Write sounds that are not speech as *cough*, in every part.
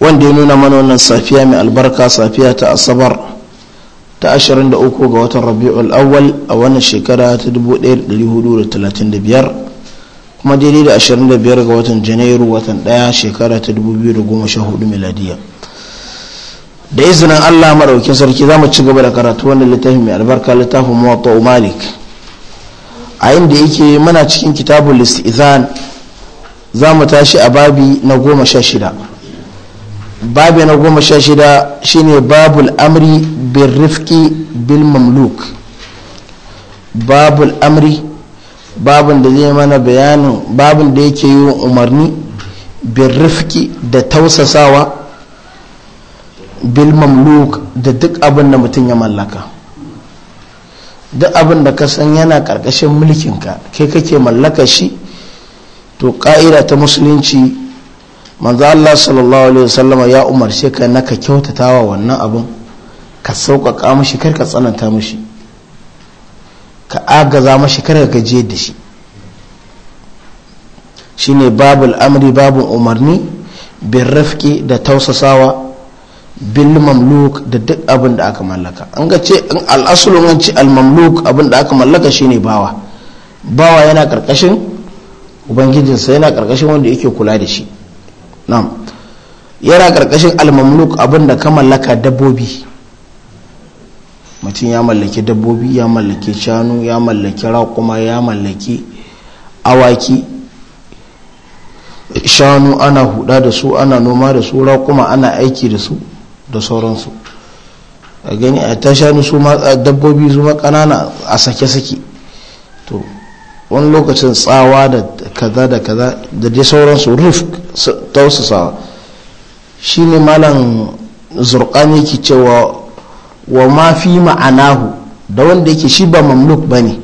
wanda ya nuna mana wannan safiya mai albarka safiya ta asabar ta 23 ga watan rabi'ul awwal a wannan shekara ta 1435 kuma daidai da 25 ga watan janairu watan daya shekara ta 2014 miladiya da izinin allah maɗaukin sarki za mu ci gaba da karatu wannan littafin mai albarka littafin muwatta malik a inda yake mana cikin kitabul istizan za mu tashi a babi na goma sha shida babu na goma sha shida shine babul amri bin rifki bil mamluk babul amri babun da zai mana bayanin babu da yake yi umarni bin rifki da tausasawa bil mamluk da duk abin da mutum ya mallaka duk abin da ka san yana karkashin mulkinka kai kake mallaka shi to ka'ida ta musulunci manzo Allah sallallahu alaihi wasallama ya umarce ka na ka kyautatawa wannan abin ka sauƙaƙa mashi kar ka tsananta mashi ka agaza mashi kar ka gaje da shi shine babul amri babu umarni bin rafki da tausasawa bin mamluk da duk abin da aka mallaka an ga ce al'asulun an ci al-mamluk abin da aka mallaka shine bawa bawa yana karkashin ubangijinsa yana karkashin wanda yake kula da shi na'am yana karkashin almamluk abinda ka mallaka dabbobi mutum ya mallaki dabbobi ya mallaki shanu ya mallaki raƙuma ya mallaki awaki shanu ana huda da su ana noma da su raƙuma ana aiki da su da sauransu a gani a ta shanu su dabbobi su ma ƙanana a sake-sake wani lokacin tsawa da kaza da kaza da dai sauransu rif tausasawa shi ne malam zurkani ke cewa wa ma ma'anahu da wanda yake shi ba mamluk ba ne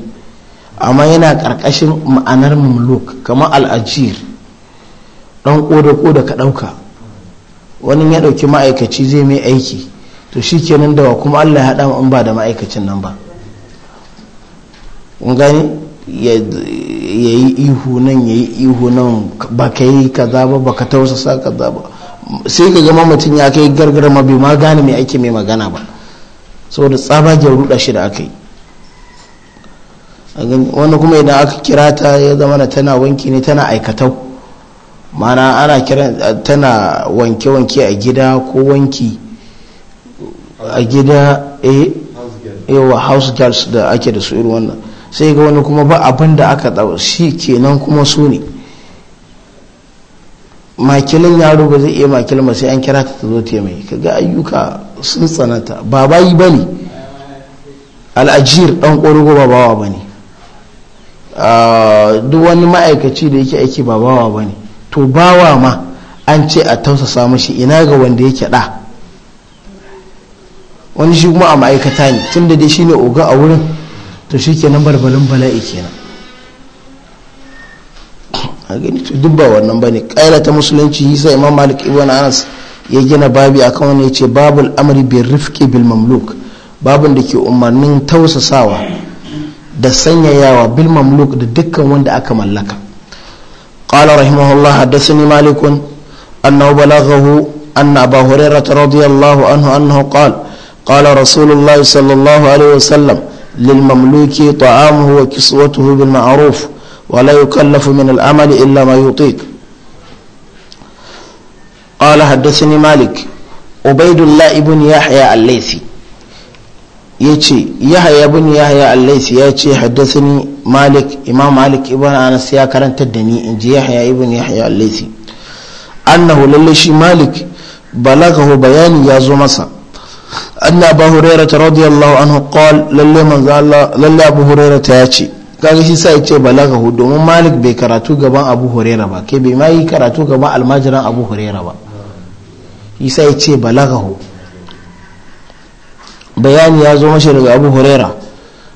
amma yana ƙarƙashin ma'anar mamluk kamar al'ajir ɗan ƙoda ka ɗauka wani ya ɗauki ma'aikaci zai mai aiki to shi kenan da wa kuma allah ya haɗa in ba ma'aikacin nan ba gani ya yi ihu nan ya yi ihu nan ba ka yi kaza ba ba ka tausasa kaza ba sai ka gama mutum ya kai gargara ma bai ma gane mai ake mai magana ba saboda tsabagen ruɗa shi da aka yi wani kuma idan aka kira ta ya zama na tana wanki ne tana aikatau mana ana kira tana wanke-wanke a gida ko wanki a gida a eh, yawa house girls da ake da su irin wannan sai ga wani kuma ba abin aka ɗau shi kenan kuma su ne makilin yaro ba zai iya makilin sai an kira ta zo ta mai kaga ayyuka sun tsananta ba bayi ba ne al'ajir ɗan ƙwarugo ba bawa ba ne ah, duk wani ma'aikaci da yake aiki ba bawa ba ne to bawa ma an ce a tausasa mashi ina ga wanda yake ɗa wani shi kuma a ma'aikata ne tun da dai shi ne oga a wurin to shi nan barbalin bala'i nan a gani to dubba wannan ba ne ƙaila ta musulunci yi sai imam malik ibn anas ya gina babi a kan wani ya ce babul amri bil rifqi bil mamluk babin da ke umarnin tausasawa da sanyayawa bil mamluk da dukkan wanda aka mallaka qala rahimahullah haddathani malikun annahu balaghahu anna abu hurairah radiyallahu anhu annahu qala qala rasulullah sallallahu alaihi wasallam للمملوك طعامه وكسوته بالمعروف ولا يكلف من العمل إلا ما يطيق قال حدثني مالك عبيد الله بن يحيى الليثي يجي يحيى بن يحيى الليثي يجي حدثني مالك إمام مالك ابن أنس يا كرنت الدني إن يحيى ابن يحيى الليثي أنه للشي مالك بلغه بيان يا زمسا anna ba هريرة ta الله anhu قال للي من للي أبو هريرة يأتي kaga shi sai ce balagahu domin malik bai karatu gaban abu huraira ba ke bai ma karatu gaban almajiran abu huraira ba shi sai ce balagahu bayani ya zo mashi daga abu huraira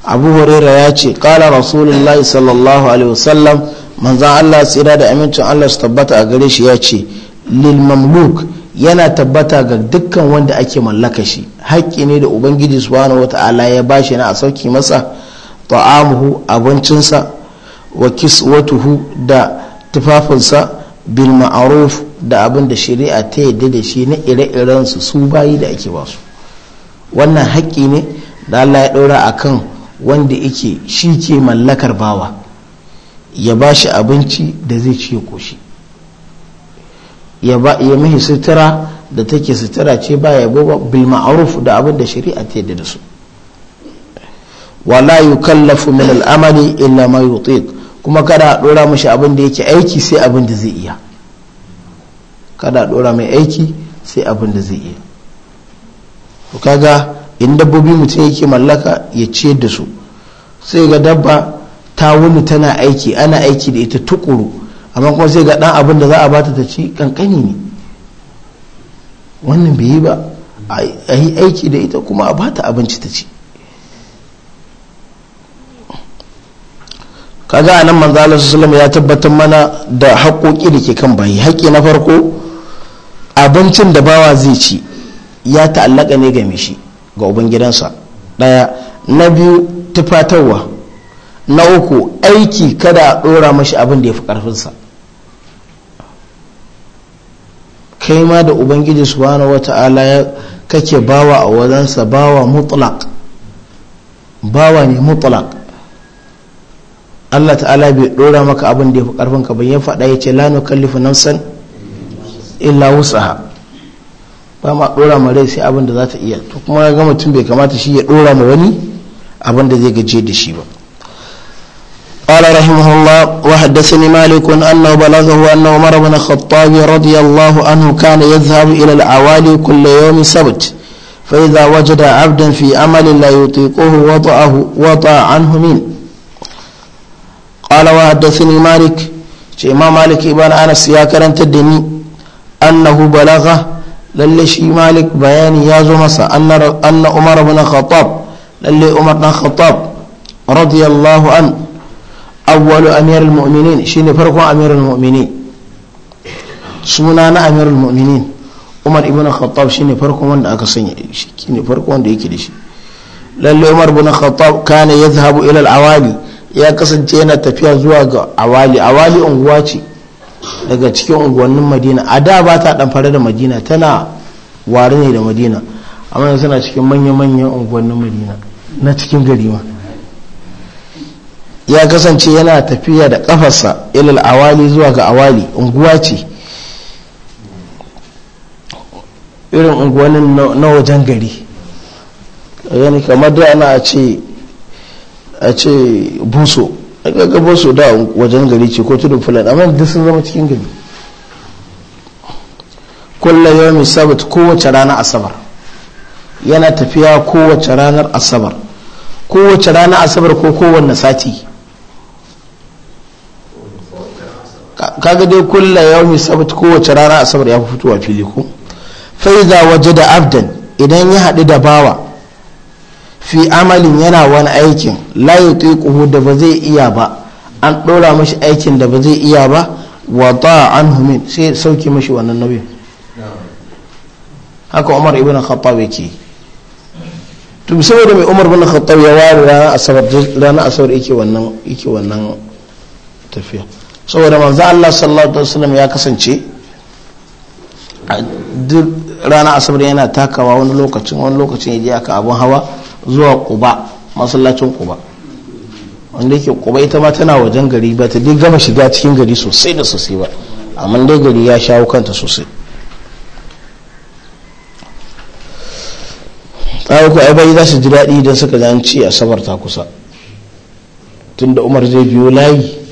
abu huraira ya ce kala rasulullahi sallallahu alaihi wasallam manzan allah tsira da amincin allah su tabbata a gare shi ya ce lil mamluk yana tabbata ga dukkan wanda ake mallaka shi haƙƙi ne da ubangiji subhanahu wata'ala ya bashi na a sauki masa ta'amuhu abincinsa wa kiswatuhu da tufafinsa bil ma'aruf da abin da shari'a ta yadda da shi na ire-iren su su bayi da ake ba su wannan haƙƙi ne da Allah ya ɗora akan wanda yake shi ke mallakar bawa ya bashi abinci da zai ci ya koshi ya ba ya mihi sutura da take sutura ce ba ya bo bil ma'ruf da abin da shari'a ta yadda da su wala yukallafu min al-amali illa ma yutiq kuma kada dora mishi abin da yake aiki sai abin da zai iya kada dora mai aiki sai abin da zai iya to kaga in dabbobi mutum yake mallaka ya ciyar da su sai ga dabba ta wuni tana aiki ana aiki da ita tukuru amma kuma sai ga dan abin da za a bata ta ci kankani ne wannan bai yi ba a yi aiki da ita kuma a bata abinci ta ci kaga a nan manzo Allah sallallahu ya tabbatar mana da haƙoƙi da ke kan bayi haƙƙi na farko abincin da bawa zai ci ya ta'allaka ne ga mishi ga ubangidansa daya na biyu tufatarwa na uku aiki kada a ɗora mashi abin da ya fi ƙarfinsa kai ma da ubangiji subhanahu wata'ala ya kake bawa a wajensa bawa mutlaq bawa ne mutlaq Allah ta'ala bai dora maka abin da ya fi karfin ka ban ya faɗa ya ce la nukallifu nafsan illa wusaha ba ma dora ma rai sai abin da za ta iya to kuma ga mutum bai kamata shi ya dora ma wani abin da zai gaje da shi ba قال رحمه الله وحدثني مالك أنه بلغه أن عمر بن الخطاب رضي الله عنه كان يذهب إلى العوالي كل يوم سبت فإذا وجد عبدا في عمل لا يطيقه وضعه وضع عنه من قال وحدثني مالك شيما مالك ابن أنس يا كرن تدني أنه بلغه للشي مالك بياني يا زمس أن أن عمر بن الخطاب للي عمر بن الخطاب رضي الله عنه awwalu amirul mu'minin shine farkon amirul mu'minin suna na amirul mu'minin umar ibn khattab shine farkon wanda aka sanya shi shine farkon wanda yake da shi lalle umar ibn khattab kana yadhhabu ila al-awali ya kasance yana tafiya zuwa ga awali awali unguwa ce daga cikin unguwannin madina a da ba ta dan fara da madina tana ware ne da madina amma yanzu suna cikin manya-manyan unguwannin madina na cikin gari ma ya kasance yana tafiya da kafarsa ilal awali zuwa ga awali unguwa ce irin unguwannin na wajen gari yani kamar da ana a ce a ce buso ga buso da wajen gari ce ko tudun fulani amma duk sun zama cikin gari kullum yau mai sabit kowace ranar asabar yana tafiya kowace ranar asabar kowace ranar asabar ko kowanne sati kaga dai kulla yawmi sabt kowace rana asabar ya fitowa fili ko fa waje da abdan idan ya haɗu da bawa fi amalin yana wani aikin layi yutiquhu da ba zai iya ba an ɗora mashi aikin da ba zai iya ba wa an min sai sauki mashi wannan nauyin haka Umar ibn Khattab yake to saboda mai Umar ibn Khattab ya ware rana asabar ranar asabar yake wannan yake wannan tafiya saboda manzo Allah sallallahu alaihi wasallam ya kasance a duk rana asabar yana takawa wani lokacin wani lokacin ya je aka abun hawa zuwa kuba masallacin kuba wanda yake kuba ita ma tana wajen gari ba ta dai gama shiga cikin gari sosai da sosai ba amma dai gari ya shawo kanta sosai tsawon ku bai za su ji daɗi idan suka ji ci asabar ta kusa tunda umar zai biyo layi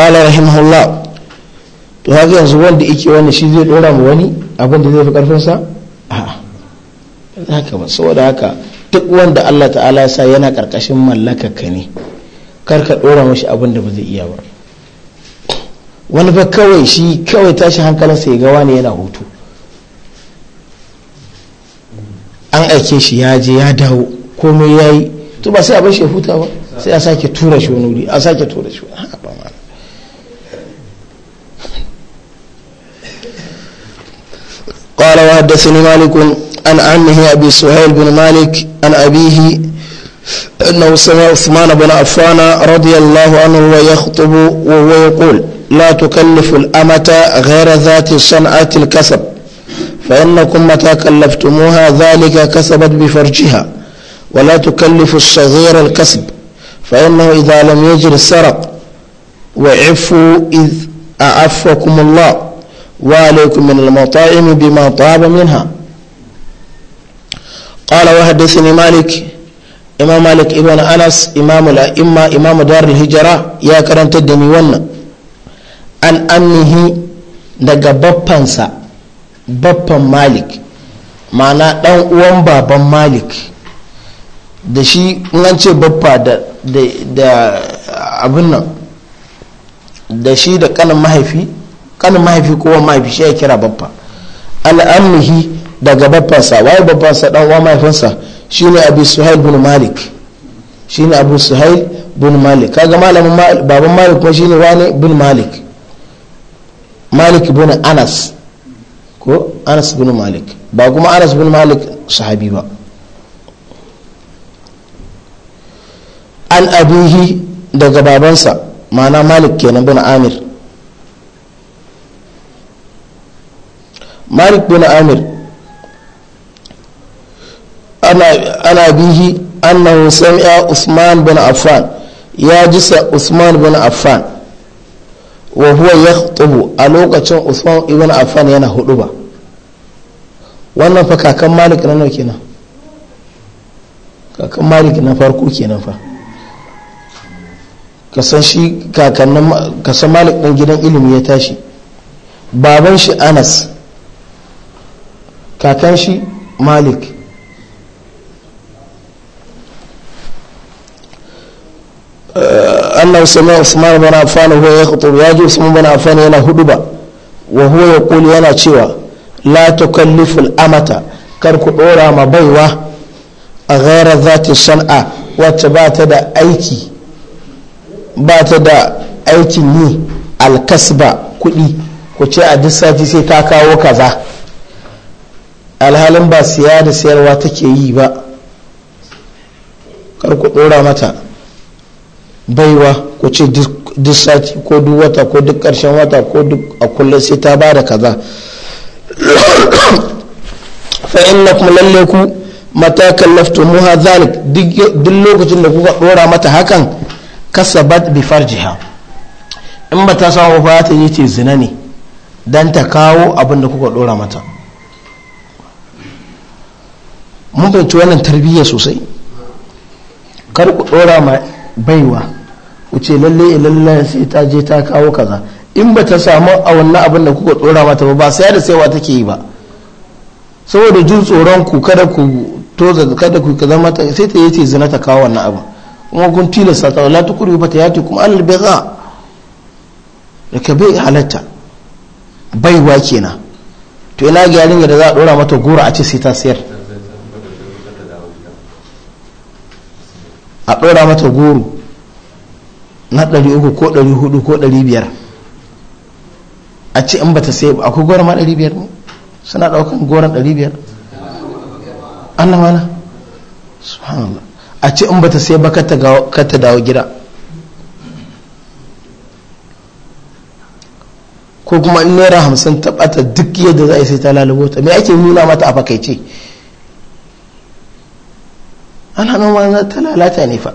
qala rahimahullah to haka yanzu wanda yake wani shi zai dora mu wani abin da zai fi karfin sa a'a haka ba saboda haka duk wanda Allah ta'ala sa yana karkashin mallakaka ne kar ka dora mashi abin da ba zai iya ba wani ba kawai shi kawai tashi hankalinsa ya gawa ne yana hutu an aike shi ya je ya dawo komai ya yi to ba sai a shi ya huta ba sai a sake tura shi wani wuri a sake tura shi wani قال وحدثني مالك عن عمه أبي سهيل بن مالك عن أبيه أنه سمع عثمان بن عفان رضي الله عنه ويخطب وهو يقول لا تكلف الأمة غير ذات صنعة الكسب فإنكم متى كلفتموها ذلك كسبت بفرجها ولا تكلف الصغير الكسب فإنه إذا لم يجر سرق وعفوا إذ أعفكم الله وعليكم من المطائم بما طاب منها قال وحدثني مالك امام مالك ابن انس امام الائمه امام دار الهجره يا كرنت تدني ون أن امه daga بابانسا بابان مالك معنى دان uwan بابان مالك da shi an ce baffa da abin nan da shi da kanin mahaifi kanin mahaifi ko mahaifi shi ya kira babba al'amuhi daga babbansa waye babbansa dan uwa mahaifinsa shine abu suhail bin malik shine abu suhail bin malik kaga malamin baban malik kuma shine wani bin malik malik bin anas ko anas bin malik ba kuma anas bin malik sahabi ba an abihi daga babansa ma'ana malik kenan bin amir malik bin amir ana bihi annahu sami'a usman bin affan ya jisa usman bin affan wa huwa yakhutubu a lokacin usman ibn affan yana hudu ba. wannan fa kakan malik na nauki na kakan malik na farko kenan fa kasan shi kakannin kasan malik ɗin gidan ilimi ya tashi baban shi anas kakan shi malik annan sami usman bin affan huwa ya kutu ya ji usman bin affan yana ba wa huwa ya kuli yana cewa la kallifin amata kar ku dora ma baiwa a za ta shan'a wacce ba ta da aiki ba ta da aikin yi alkasba kuɗi ku ce a duk sati sai ta kawo kaza alhalin ba siya da siyarwa take yi ba kar ku ɗora mata baiwa ku ce duk sati ko duk wata ko duk ƙarshen wata ko duk a kullum sai ta ba da kaza *coughs* fa'innakum lalle ku mata kallaftumuha zalik duk lokacin da kuka ɗora mata hakan kasabat bi farjiha in ba ta samu ba ta yi ce zina ne don ta kawo abin da kuka ɗora mata mun wannan tarbiyya sosai kar ku dora ma baiwa ku ce lalle lalle sai ta je ta kawo kaza in ba ta samu a wannan abin da kuka dora mata ba ba sai da saiwa take yi ba saboda jin tsoron ku kada ku toza kada ku kaza mata sai ta yace zina ta kawo wannan abin kuma kun tilasta ta la tukuru ba ta yati kuma al baiza da ka bai halatta baiwa kenan to ina ga yarinya da za a dora mata gora a ce sai ta sayar a ɗora mata goro na 300 ko 400 ko 500 a ce in ba ta sai akwai goro ma 500 ne suna ɗaukan goron 500 Allah mana subhanallah a ce in ba ta sai ba ka ta dawo gida ko kuma in naira 50 ta ɓata duk yadda za a yi sai ta lalubota mai ake nuna mata a fakaice ana noma ta lalata ne fa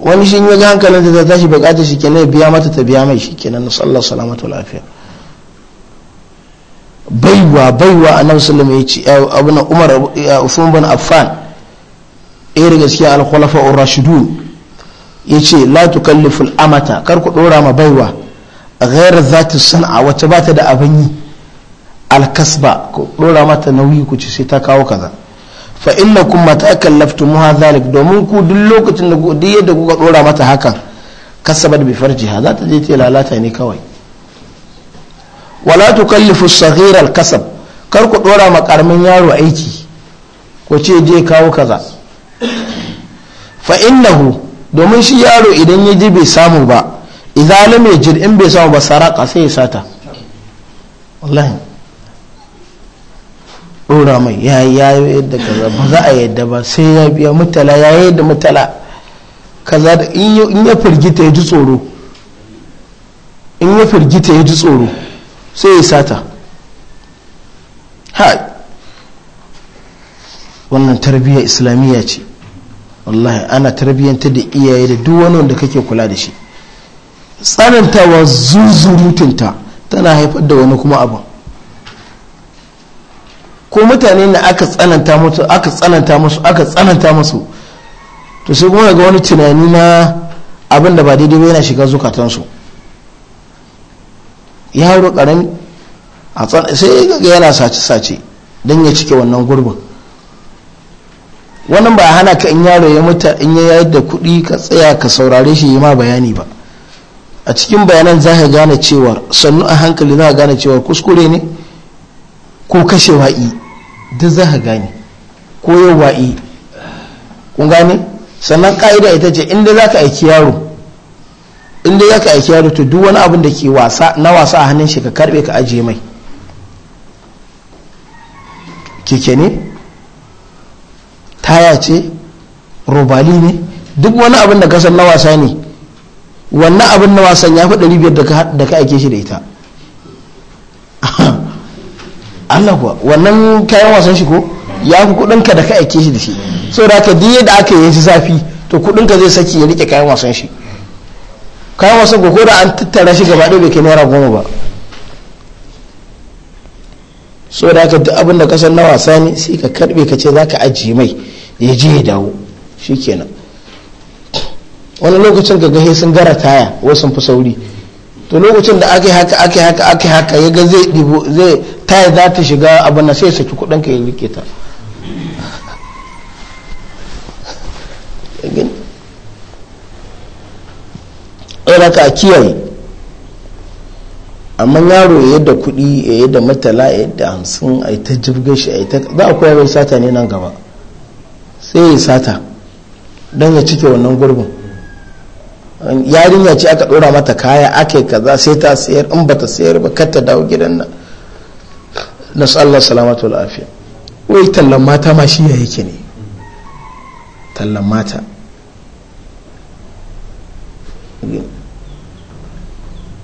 wani shi ya ga hankalin ta tashi bukata shi kenan biya mata ta biya mai shi kenan sallar salamatu lafiya baiwa baiwa a sallallahu alaihi ya ce abuna umar usman bin affan eh daga cikin al-khulafa rashidun yace la tukallifu al-amata kar ku dora ma baiwa ghayr zati san'a wacce ba ta da abin yi alkasba ku dora mata nauyi ku ci sai ta kawo kaza fa innakum mata kallaftumuha zalik domin ku duk lokacin da duk yadda kuka dora mata hakan kasabat bi farjiha za ta je ta lalata ne kawai wala tukallifu as-saghira al-kasab kar ku dora ma karamin yaro aiki ko ce je kawo kaza fa innahu domin shi yaro idan ya ji bai samu ba idan lam yajid in bai samu ba saraka sai ya sata wallahi dora mai ya ya yadda kaza ba za a yadda ba sai ya biya mutala ya yadda mutala kaza da in ya firgita ya ji tsoro in ya firgita ya ji tsoro sai ya sata ha wannan tarbiyya islamiyya ce wallahi ana tarbiyyanta da iyaye da duk wani wanda kake kula da shi tsanantawa zuzurutunta tana haifar da wani kuma abin ko mutane ne aka tsananta musu aka tsananta musu aka tsananta musu to sai kuma ga wani tunani na abin da ba daidai ba yana shiga zukatansu yaro karami a sai ya ga yana sace-sace don ya cike wannan gurbin wannan ba hana ka in yaro ya mutu in ya yayar da kuɗi ka tsaya ka saurare shi ma bayani ba a cikin bayanan za ka gane cewa sannu a hankali za ka gane cewa kuskure ne ko kashe wa'i duk za ka gane ko yau wa'i. kun gane sannan ka'ida ita ce inda za ka aiki yaro inda za ka aiki yaro to duk wani abin da ke na wasa a hannun shi ka karbe ka ajiye mai keke ne taya ce robali ne duk wani abin da kasar na wasa ne wannan abin na wasan ya fi 500 da ka aike shi da ita *laughs* Allah kuwa wannan kayan wasan shi ko ya fi kudin ka da ka aike shi da shi da ka diye da aka yi zafi to kudin ka zai saki ya rike kayan wasan shi kayan wasan ko da an tattara shi gaba ɗaya bai kai naira goma ba da ka duk abin da kasan na wasa ne sai ka karbe ka ce za ka ajiye mai ya je ya dawo shikenan wani lokacin ga gahe sun gara taya wasu sun fi sauri to lokacin da ake haka ake haka ake haka ya ga zai dibo zai taya za ta shiga abin na sai ya saki kudin ka ya rike ta ɗora ka kiyaye amma yaro ya yadda kuɗi ya yadda matala ya yadda hamsin a yi ta jirgin shi a yi ta za a koyar sata ne nan gaba sai ya sata don ya cike wannan gurbin yarinya ce aka ɗora mata kaya ake kaza sai ta sayar in bata sayar ba kar ta dawo gidan nan na su Allah salamatu lafiya wai tallan mata ma shi ya yake ne tallan mata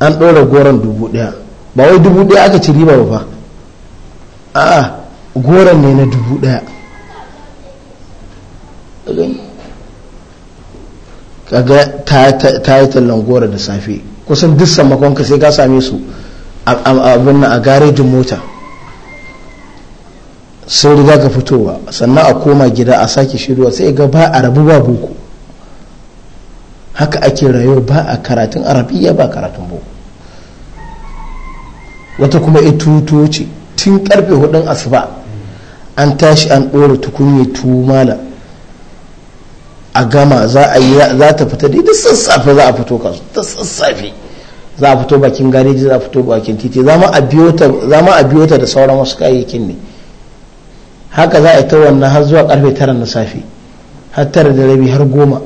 an ɗora goron dubu daya ba wai dubu daya aka ci riba ba a'a goron ne na dubu daya. kaga ta yi tallan gora da safe kusan duk sammakonka sai ka same su abin a garejin mota sun riga ka fitowa sannan a koma gida a sake shirya sai ga ba a rabu ba boko haka ake rayuwa ba a karatun arabiya ba karatun boko wata kuma ya ce tun karfe hudun asuba an tashi an ɗora tukunye tumala a gama za a yi za ta fita da sassafe za a fito kasu ta sassafe za a fito bakin gareji za a fito bakin titi za ma a biyo ta da sauran wasu kayayyakin ne haka za a yi ta wannan har zuwa karfe tara na safe har tara da rabi har goma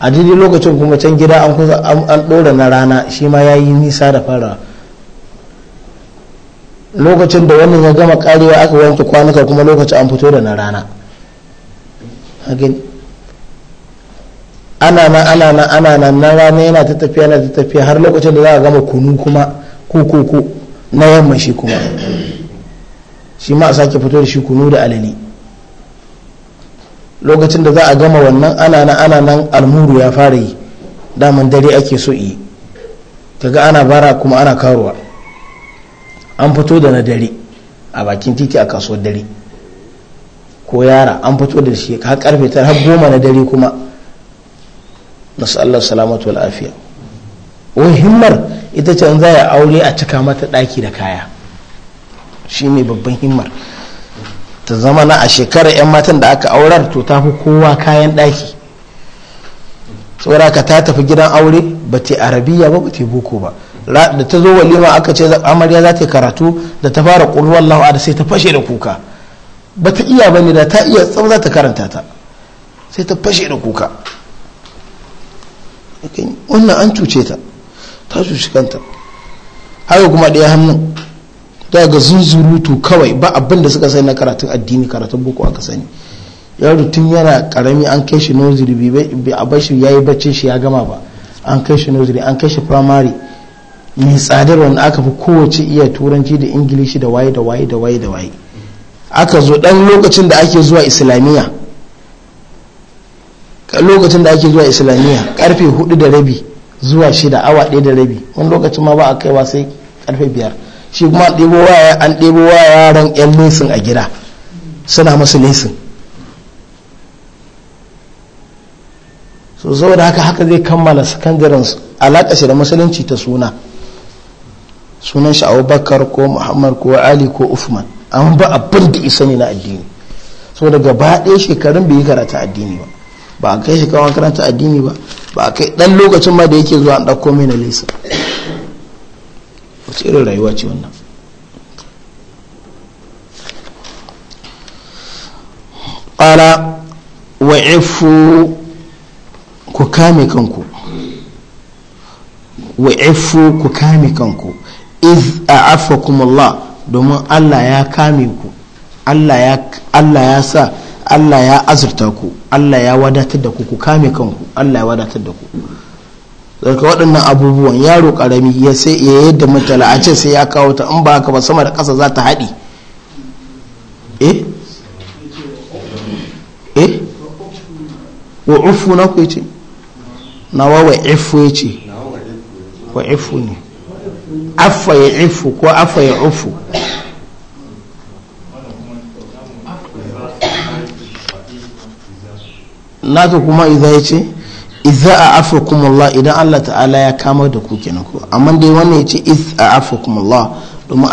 a daidai lokacin kuma can gida an kusa an ɗora na rana shi ma ya yi nisa da fara lokacin da wannan ya gama karewa aka wanke kwanuka kuma lokacin an fito da na rana ana nan ana nan ana nan na rana yana ta tafiya yana ta tafiya har lokacin da za a gama kunu kuma ko ko ko na yamma shi kuma shi ma a sake fito da shi kunu da alali lokacin da za a gama wannan ana nan ana nan almuru ya fara yi daman dare ake so yi kaga ana bara kuma ana karuwa an fito da na dare a bakin titi a kasuwar dare ko yara an fito da shi har karfe ta har goma na dare kuma nasu Allah salamatu lafiya afiya wai himmar ita ce an zaya aure a cika mata daki da kaya shi ne babban himmar ta zama na a shekarar 'yan matan da aka aurar to ta fi kowa kayan ɗaki tsoraka ta tafi gidan aure ba ta arabiya ba ba ta boko ba da ta zo walima aka ce amarya za ta yi karatu da ta fara ƙulwar lawa da sai ta fashe da kuka ba ta iya ba ne da ta iya tsawon za ta karanta ta sai ta fashe da kuka wannan an cuce ta ta cuci kanta haka kuma ɗaya hannun daga zunzurutu kawai ba abin suka sai na karatun addini karatun boko aka sani yaro tun yana karami an kai shi nursery bai a bashi ya yi baccin shi ya gama ba an kai shi nursery an kai shi primary mai tsadar wanda aka fi kowace iya turanci da ingilishi da waye da waye da waye da waye aka zo dan lokacin da ake zuwa islamiyya lokacin da ake zuwa islamiyya karfe hudu da rabi zuwa shida awa ɗaya da rabi wani lokacin ma ba a kaiwa sai karfe biyar shi kuma an ɗebo wa yaran 'yan nesin a gida suna masu nesin so da haka haka zai kammala sakandaren alakashi da musulunci ta suna sunan shi abubakar ko muhammad ko ali ko usman an ba abin da isa ne na addini so daga baɗe shekarun bai yi karata addini ba ba a kai shi kawo karanta addini ba ba a kai dan lokacin ma da yake zuwa an ɗauko mai na lisa wace irin rayuwa ce wannan ƙala wa ifu ku kame kanku wa ifu ku kame kanku iz a afakum Allah domin Allah ya kame ku Allah ya sa Allah ya azurta ku Allah ya wadatar da ku ku kame kanku Allah ya wadatar da ku daga waɗannan abubuwan yaro ƙarami ya sai ya yadda mutala a ce sai ya kawo ta in ba haka ba sama da ƙasa za ta haɗi eh eh wa ufu na ku ce na wa wa ifu ya ce wa ifu ne afa ya ifu ko afa ya ufu naka kuma iza ya ce iza a afakumullah idan Allah ta'ala ya kama da ku kenan ku amma dai wannan ya ce iz a afakumullah domin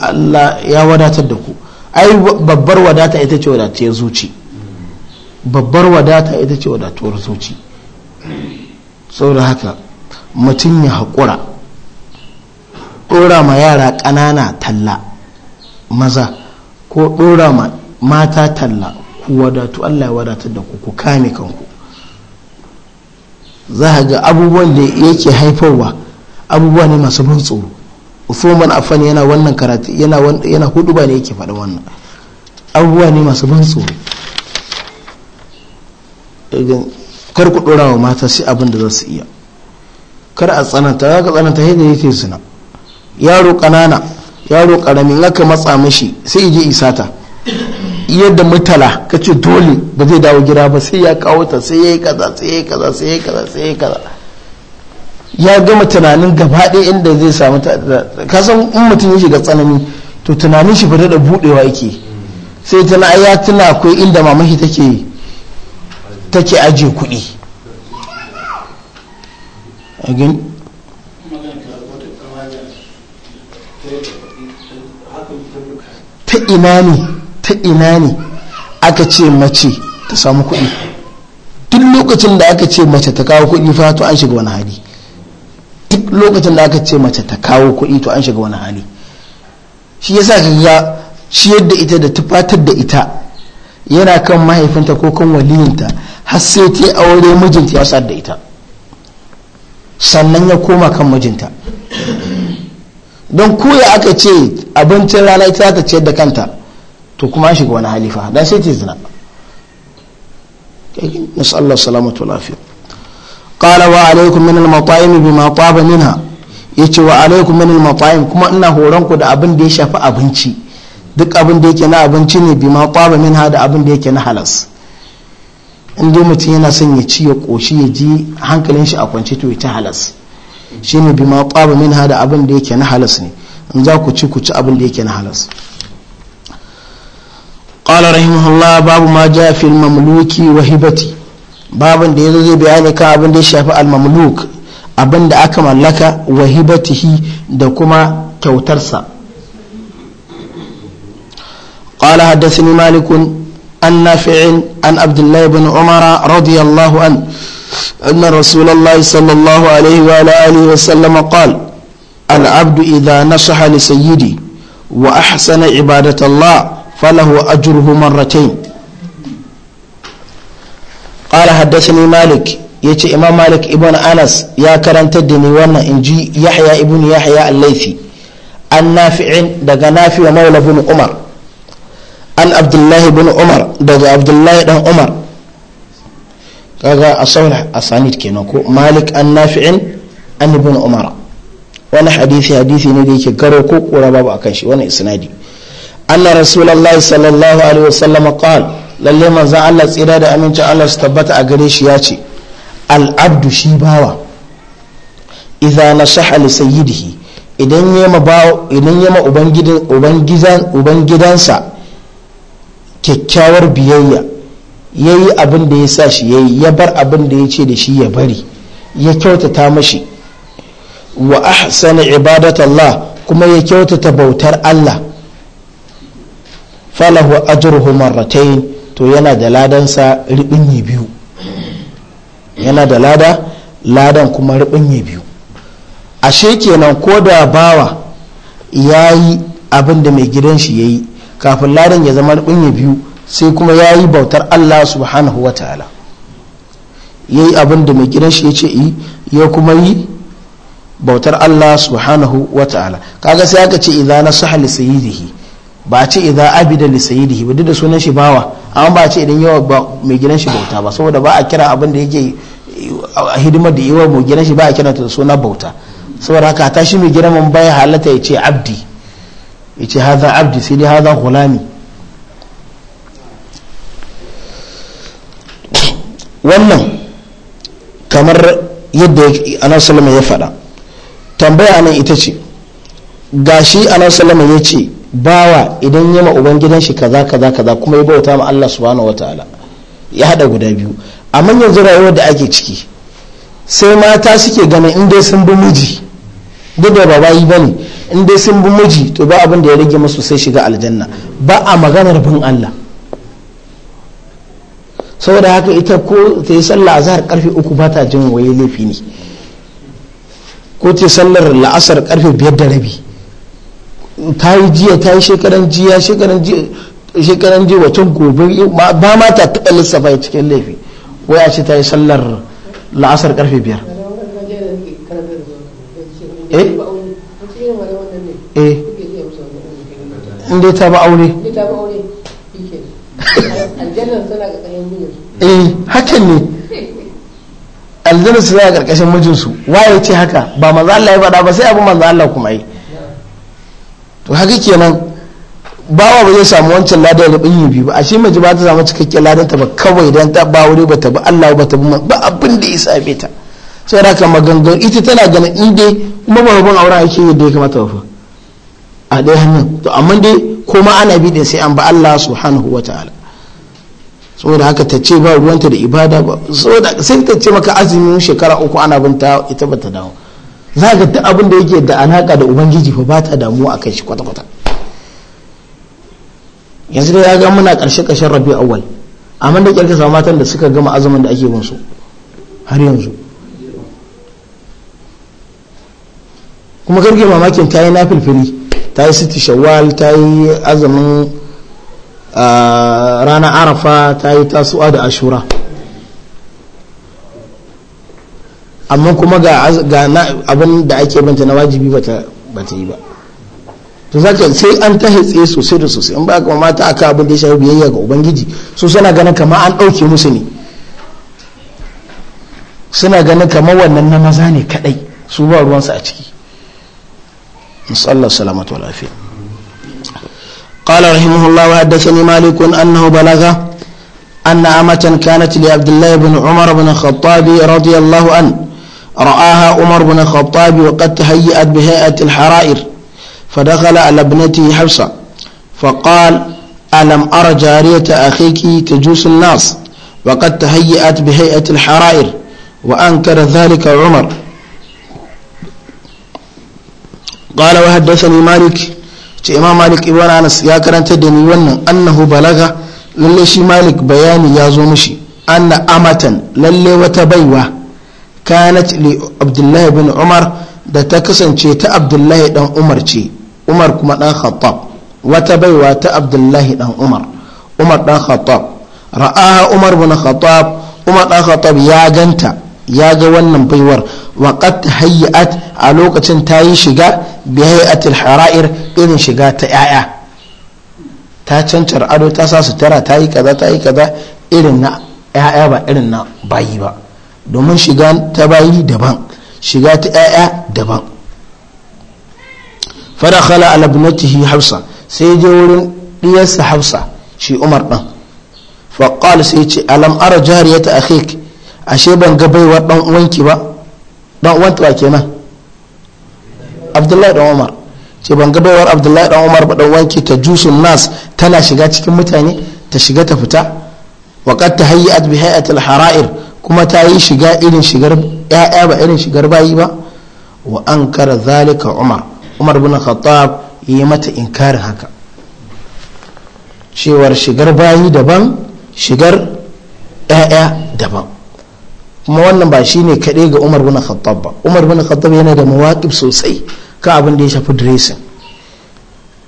Allah ya wadatar da ku ai babbar wadata ita ce wadatiyar zuci babbar wadata ita ce wadatuwar zuci saboda haka mutum ya haƙura ɗora ma yara ƙanana talla maza ko ɗora ma mata talla ku wadatu Allah ya wadatar da ku ku kame kanku za ga abubuwan da yake haifarwa abubuwa ne masu ban tsoro usman afan yana wannan karatu yana hudu ba ne yake faɗin wannan abubuwa ne masu ban tsoro kar ku dora wa mata sai abin da za su iya kar a tsananta za ka tsananta yadda yake suna yaro ƙanana yaro ƙaramin aka matsa mashi sai je isata yadda mutala ka ce dole ba zai dawo gira ba sai ya kawo ta sai ya yi kaza sai ya yi kaza sai ya yi kaza sai ya yi kaza ya gama tunanin gaba ɗaya inda zai samu ta kasan in mutum ya shiga tsanani to tunanin shi fita da buɗewa yake sai tana ya tuna akwai inda mamaki take take kuɗi ta ina ne ta ina ne aka ce mace ta samu kuɗi duk lokacin da aka ce mace ta kawo kuɗi fa to an shiga wani hali duk lokacin da aka ce mace ta kawo kuɗi to an shiga wani hali shi yasa ka ga ciyar da ita da tufatar da ita yana kan mahaifinta ko kan waliyinta har sai ta yi aure mijinta ya sa da ita sannan ya koma kan mijinta don koya aka ce abincin rana ita ta ciyar da kanta to kuma shiga wani hali fa dan sai ce zina nasallahu salamatu lafiya qala wa alaikum min al-mata'im bima taba minha yace wa alaikum min al-mata'im kuma ina horon ku da abin da ya shafi abinci duk abin da yake na abinci ne bima taba minha da abin da yake na halas in dai mutum yana son ya ci ya koshi ya ji hankalin shi a kwance to ya ci halas shine bima taba minha da abin da yake na halas ne in za ku ci ku ci abin da yake na halas قال رحمه الله باب ما جاء في المملوك وهبته باب da yazo zai bayani ka abin da ya shafi al-mamluk abin da aka mallaka wahibatihi da kuma kyautarsa قال حدثني مالك عن نافع عن عبد الله بن عمر رضي الله عنه أن رسول الله صلى الله عليه وعلى آله وسلم قال العبد إذا نصح لسيدي وأحسن عبادة الله فله أجره مرتين قال حدثني مالك يتي إمام مالك ابن ya karanta كرنت الدني وانا إنجي يحيى ابن يحيى الليثي النافع دقى نافع مولى بن عمر an abdullahi bin umar daga abdullahi dan umar kaga a a sanid kenan ko malik an nafi'in an bin umar wani hadisi hadisi ne da yake garo ko kura babu akan shi wani isnadi allah rasulullahi sallallahu alaihi wasallam qal lalle manzon Allah tsira da amincin Allah su tabbata a gare shi ya ce al'abdu shi bawa idza nasaha li sayyidihi idan yema bawa idan yema ubangidansa kyakkyawar biyayya yayi abin da ya sa shi yayi ya bar abin da ya ce da shi ya bari ya kyautata mashi wa ahsana ibadatallah Allah kuma ya kyautata bautar Allah falahu ajruhu marratayn to yana da ladansa ribinyi biyu yana da lada ladan kuma ribinyi biyu ashe kenan ko da bawa yayi yi abin da mai gidan shi ya kafin ladan ya zama ribinyi biyu sai kuma yayi yi bautar allah subhanahu wa ta'ala ya yi abin da mai gidan shi ya ce yi ya kuma yi bautar allah subhanahu wa ta'ala kaga sai aka ce idza nasaha li sayyidihi ba a ce idan abida li sayyidihi ba duk da sunan shi bawa amma ba a ce idan yawa ba mai gidan shi bauta ba saboda ba a kira abin da yake hidimar da yawa mai gidan shi ba a kira ta suna bauta saboda haka ta shi mai gidan mun baya halatta ya ce abdi ya ce haza abdi sai dai haza hulami wannan kamar yadda annabi salama ya faɗa tambaya nan ita ce gashi annabi salama ya ce bawa idan ya ma ubangidan shi kaza kaza kaza kuma ya bauta ma Allah subhanahu wataala ya hada guda biyu amma yanzu rayuwar da ake ciki sai mata suke ganin in dai sun bi miji duk da ba bayi bane in dai sun bi miji to ba abin da ya rage musu sai shiga aljanna ba a maganar bin Allah saboda haka ita ko ta yi sallah a karfe uku ba ta jin waye laifi ne ko ta yi sallar la'asar karfe biyar da rabi ta yi jiya ta yi shekaran jiya shekaran jiya watan gobe ba ma ta taɓa lissafa cikin laifi wai a ce ta yi sallar la'asar karfe biyar eh, eh. inda ta ba aure eh hakan ne aljannar su zai a ƙarƙashin mijinsu waye ce haka ba maza Allah ya faɗa ba sai abu maza Allah kuma yi to haka kenan bawa ba zai samu wancan ladan da yi ba ba ashe mace ba ta samu cikakken ladan ta ba kawai dan ta ba wuri ba ta ba Allah ba ta ba ba abin da ya same ta sai raka magangan ita tana ganin in dai kuma ba rubun auren ake yadda ya kamata ba a dai hannun to amma dai kuma ana bi din sai an ba Allah subhanahu wataala saboda haka ta ce ba ruwanta da ibada ba saboda sai ta ce maka azumin shekara uku ana binta ita ba ta dawo za ga duk abin da yake da alaka da ubangiji fa ba ta damuwa akan shi kwata-kwata yanzu da ya ga muna karshe karshen rabi awal amma da kyarka sama matan da suka gama azumin da ake bin su har yanzu kuma karge mamakin ta yi nafilfili ta yi siti shawwal ta yi azumin ah, ranar arafa ta yi tasuwa da ashura amma kuma ga abin da ake banta na wajibi ba ta yi ba to zaka sai an ta hitse sosai da sosai in ba ka mata aka abin da ya shafi biyayya ga ubangiji su suna ganin kama an dauke musu ne suna ganin kamar wannan na maza ne kadai su ba ruwansu a ciki musallar salamatu wa lafiya قال رحمه الله وحدثني مالك أنه بلغ أن أمة كانت لعبد الله بن عمر بن الخطاب رضي الله عنه رآها عمر بن الخطاب وقد تهيأت بهيئة الحرائر فدخل على ابنته حفصة فقال ألم أرى جارية أخيك تجوس الناس وقد تهيأت بهيئة الحرائر وأنكر ذلك عمر قال وحدثني مالك إمام مالك ابن أنس يا كرنت دني ون أنه بلغ للي مالك بياني يا زومشي أن أمة للي وتبيوه kanat li abdullahi bin umar da ta kasance ta abdullahi dan umar ce umar kuma dan khattab wata baiwa ta abdullahi dan umar umar dan khattab ra'aha umar bin khattab umar dan khattab ya ganta ya ga wannan baiwar wa qad hayyat a lokacin ta yi shiga bi hayatil hara'ir irin shiga ta yaya ta cancar ado ta sa sutura ta yi kaza ta yi kaza irin na yaya ba irin na bayi ba domin shiga ta bayi daban shiga ta 'ya'ya daban fadakhala ala ibnatihi hafsa sai je wurin diyarsa hafsa shi umar din fa qala sai ce alam ara jariyata akhik ashe ban ga baiwar dan uwanki ba dan uwanta ba kenan abdullahi dan umar ce ban ga baiwar abdullahi dan umar ba dan uwanki ta jusun nas tana shiga cikin mutane ta shiga ta fita wa qad tahayyat bi hay'atil hara'ir kuma ta yi shiga irin shigar ya'ya ba irin shigar bayi ba wa an kara zalika umar umar bin khattab yi mata inkarin haka cewar shigar bayi daban shigar ya'ya daban kuma wannan ba shi ne kaɗai ga umar bin khattab ba umar bin khattab yana da mawaƙib sosai ka abin da ya shafi dressing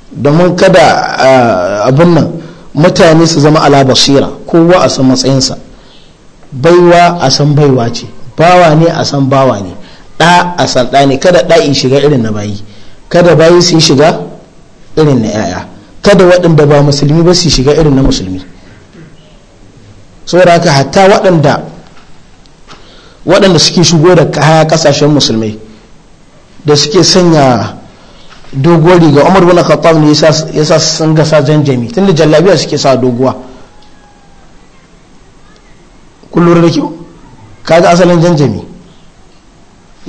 domin kada ah, abin nan mutane su zama ala basira kowa a san matsayinsa baiwa a san baiwa ce bawa ne a san bawa ne ɗa a san ɗa ne kada ɗa in shiga irin na bayi kada bayi su shiga irin na 'ya'ya kada waɗanda ba musulmi ba su shiga irin na musulmi saboda haka hatta waɗanda waɗanda suke shigo da kaya kasashen musulmai da suke sanya doguwar riga umar bin khattab ne ya sa sun gasa janjami tunda jallabiya suke sa doguwa kullum da kyau kaga asalin janjami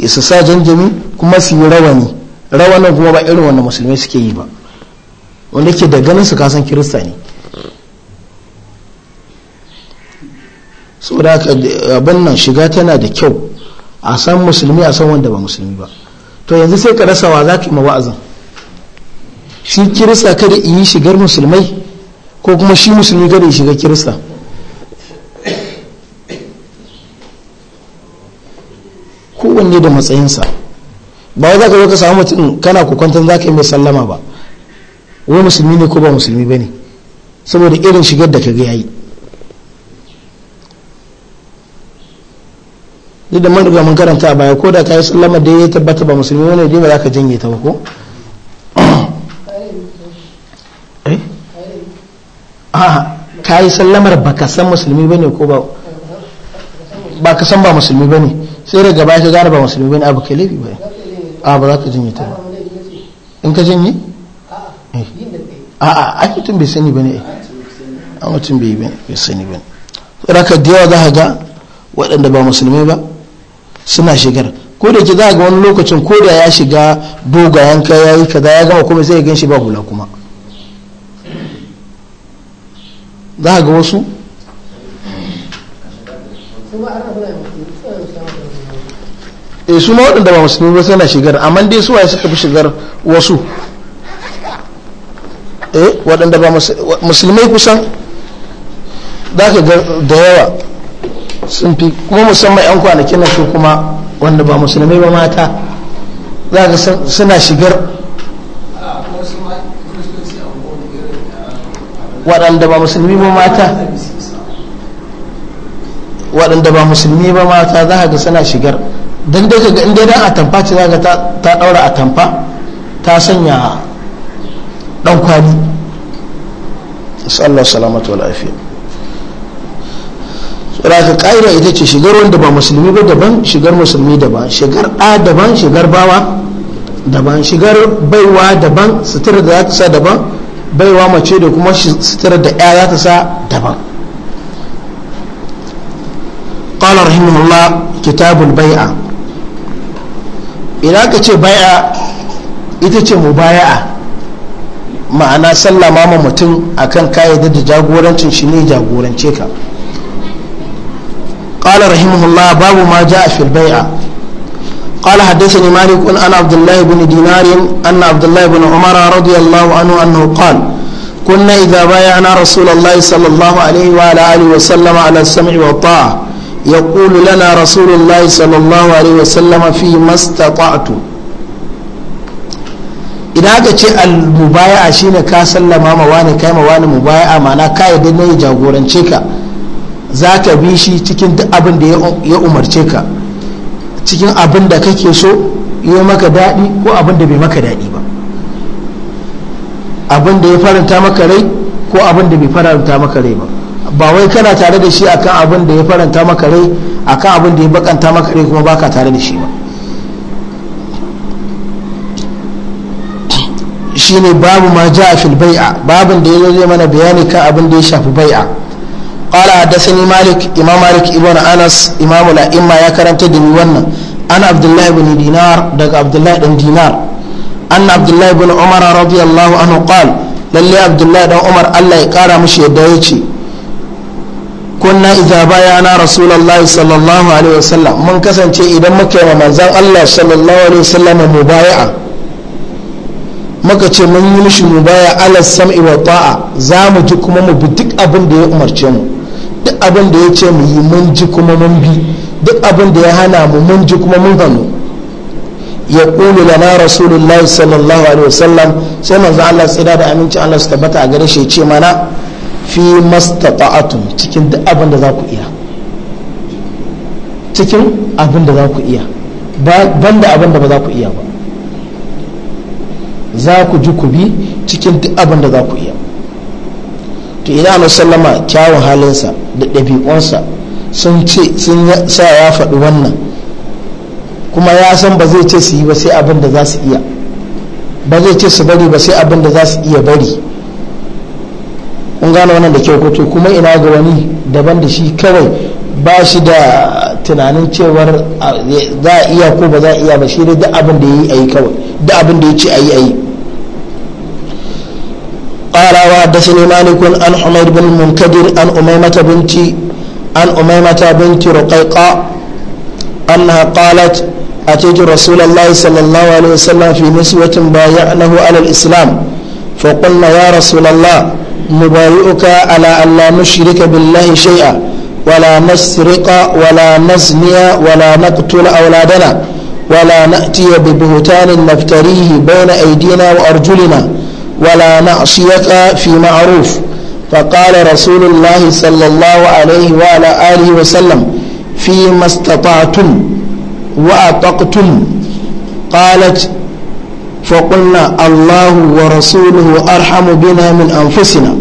su sa janjami kuma su yi rawani rawanin kuma ba irin wanda musulmai suke yi ba wanda ke da ganin su kasan kirista ne saboda abin nan shiga tana da kyau a san musulmi a san wanda ba musulmi ba to yanzu sai ka rasawa za ka yi mawa'azin shi kirista kada yi shigar musulmai ko kuma shi musulmi kada yi shiga kirista ne da matsayinsa ba wai za ka zo ka samu mutum kana kokwanton za ka yi mai sallama ba wani musulmi ne ko ba musulmi ba ne saboda irin shigar da ka ga yayi duk da man riga mun karanta a baya ko da ka yi sallama da ya tabbata ba musulmi wani da ba za ka janye ta ba ko *coughs* eh? ka yi sallamar ba ka san musulmi ba ne ko ba ba ka san ba musulmi ba ne sai daga baya ta gane ba musulmi ne abu kalibi Ba a ba za ka janye ta ba in ka janye a'a a mutum bai sani ne a mutum bai bai sani ne raka da za ka ga waɗanda ba musulmi ba suna shigar ko da ke za ga wani lokacin ko da ya shiga boga yanka ya yi kaza ya gama kuma sai ya gan shi ba hula kuma za ga wasu e su ma waɗanda ba musulmi ba suna shigar amma dai su waye suka fi shigar wasu eh waɗanda ba musulmai kusan za ka ga da yawa sun fi kuma musamman 'yan kwanakin na su kuma wanda ba musulmai ba mata za ka suna shigar waɗanda ba musulmi ba mata waɗanda ba musulmi ba mata za ka ga suna shigar don dai ga inda dan atamfa ce za ta daura atamfa ta sanya dan kwali sallallahu salamatu wa lafiya ka ƙa'ida ita ce shigar wanda ba musulmi ba daban shigar musulmi daban shigar a daban shigar bawa daban shigar baiwa daban sutura da za ta sa daban baiwa mace da kuma sutura da ya za ta sa daban قال رحمه الله كتاب البيعه idan ka ce baya ita ce mubaya'a ma'ana sallama ma mutum akan kayyade da jagorancin shi ne jagorance ka قال رحمه الله باب ما جاء في البيعة قال حدثني مالك عن عبد الله بن دينار أن عبد الله بن عمر رضي الله عنه أنه قال كنا إذا بايعنا رسول الله صلى الله عليه وعلى آله وسلم على السمع والطاعة يقول لنا رسول الله صلى الله عليه وسلم فيما استطعت idan aka ce almubaya'a shine ka sallama ma wani kai ma wani mubaya'a mana ka yadda ne ya jagorance ka za ka bi shi cikin duk abin da ya umarce ka cikin abin da kake so ya maka daɗi ko abin da bai maka daɗi ba abin da ya faranta maka rai ko abin da bai faranta maka rai ba ba wai kana tare da shi akan abin da ya faranta maka rai akan abin da ya bakanta maka rai kuma baka tare da shi ba shine babu ma a fil bai'a babin da yazo zai mana bayani kan abin da ya shafi bai'a qala hadathani malik imam malik ibn anas imam la imma ya karanta da ni wannan ana abdullah ibn dinar daga abdullah ibn dinar عبد الله بن عمر رضي الله عنه lalle abdullah عبد umar Allah ya kara mishi yadda yace kunna idza bayana rasulullahi sallallahu alaihi wasallam mun kasance idan muka yi manzon Allah sallallahu alaihi wasallam mubaya'a muka ce mun yi mishi mubaya ala sam'i wa ta'a za mu ji kuma mu bi duk abin da ya umarce mu duk abin da ya ce mu yi mun ji kuma mun bi duk abin da ya hana mu mun ji kuma mun hannu ya ƙulu lana rasulullahi sallallahu alaihi wasallam sai manzo Allah tsira da aminci Allah su tabbata a gare shi ya ce mana fi mastata'atum cikin duk abin da za ku iya cikin abin da za ku iya ban da abin da ba za ku iya ba za ku ji ku bi cikin duk abin da za ku iya to idan na sallama kyawun halinsa da ɗabi'unsa sun ce sun sa ya faɗi wannan kuma ya san ba zai ce su yi ba sai abin da za su iya ba zai ce su bari ba sai abin da za su iya bari kun gane wannan da kyau kwato kuma ina ga wani daban da shi kawai ba shi da tunanin cewar za a iya ko ba za a iya ba shi duk abin da ya yi a yi kawai duk abin da ya ce a yi a yi قال وحدثني مالك عن حميد بن المنكدر عن أميمة بنت عن أميمة بنت رقيقة أنها قالت أتيت رسول الله صلى الله عليه وسلم في نسوة بايعنه على الإسلام فقلنا يا رسول الله نبايعك على أن لا نشرك بالله شيئا ولا نسرق ولا نزني ولا نقتل أولادنا ولا نأتي ببهتان نفتريه بين أيدينا وأرجلنا ولا نعصيك في معروف فقال رسول الله صلى الله عليه وعلى آله وسلم فيما استطعتم وأطقتم قالت فقلنا الله ورسوله أرحم بنا من أنفسنا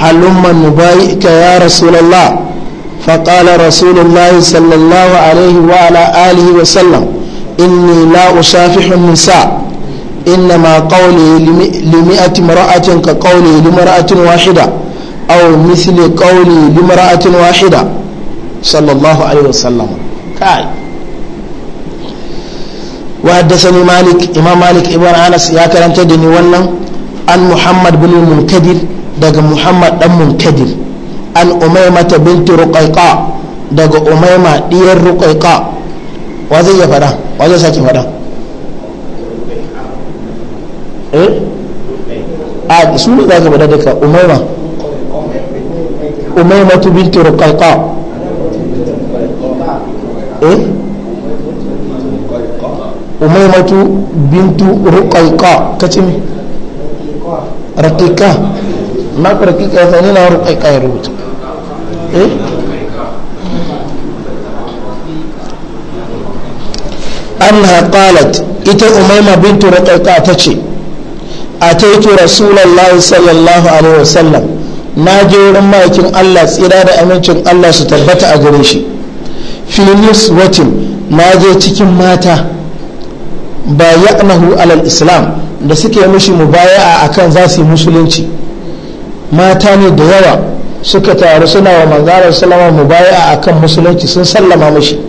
هلما نبايئك يا رسول الله فقال رسول الله صلى الله عليه وعلى آله وسلم إني لا أصافح النساء إنما قولي لمئة امرأة كقولي لمرأة واحدة أو مثل قولي لمرأة واحدة صلى الله عليه وسلم كاي وحدثني مالك إمام مالك ابن أنس يا كلام تدني ونن عن محمد بن المنكدر daga muhammad dan munkadir an umaimata bintu ruqayqa daga umayma diyar ruqayqa wa zai ya fada wa zai sake fada eh a su ne za ka fada daga umayma umaimatu bintu ruqayqa eh umaimatu bintu ruqayqa kace me raqiqa na kurkika na rukaika ya rubuta eh anha qalat ita umaima bintu ruqaqa tace ataitu rasulullahi sallallahu alaihi wasallam na je wurin ma'aikin Allah tsira da amincin Allah su tabbata a gare shi fi watin na je cikin mata bayanahu alal islam da suke mishi mubaya'a akan za su yi musulunci mata ne da yawa suka taru suna wa manzalar salama mu baya a akan musulunci sun sallama mashi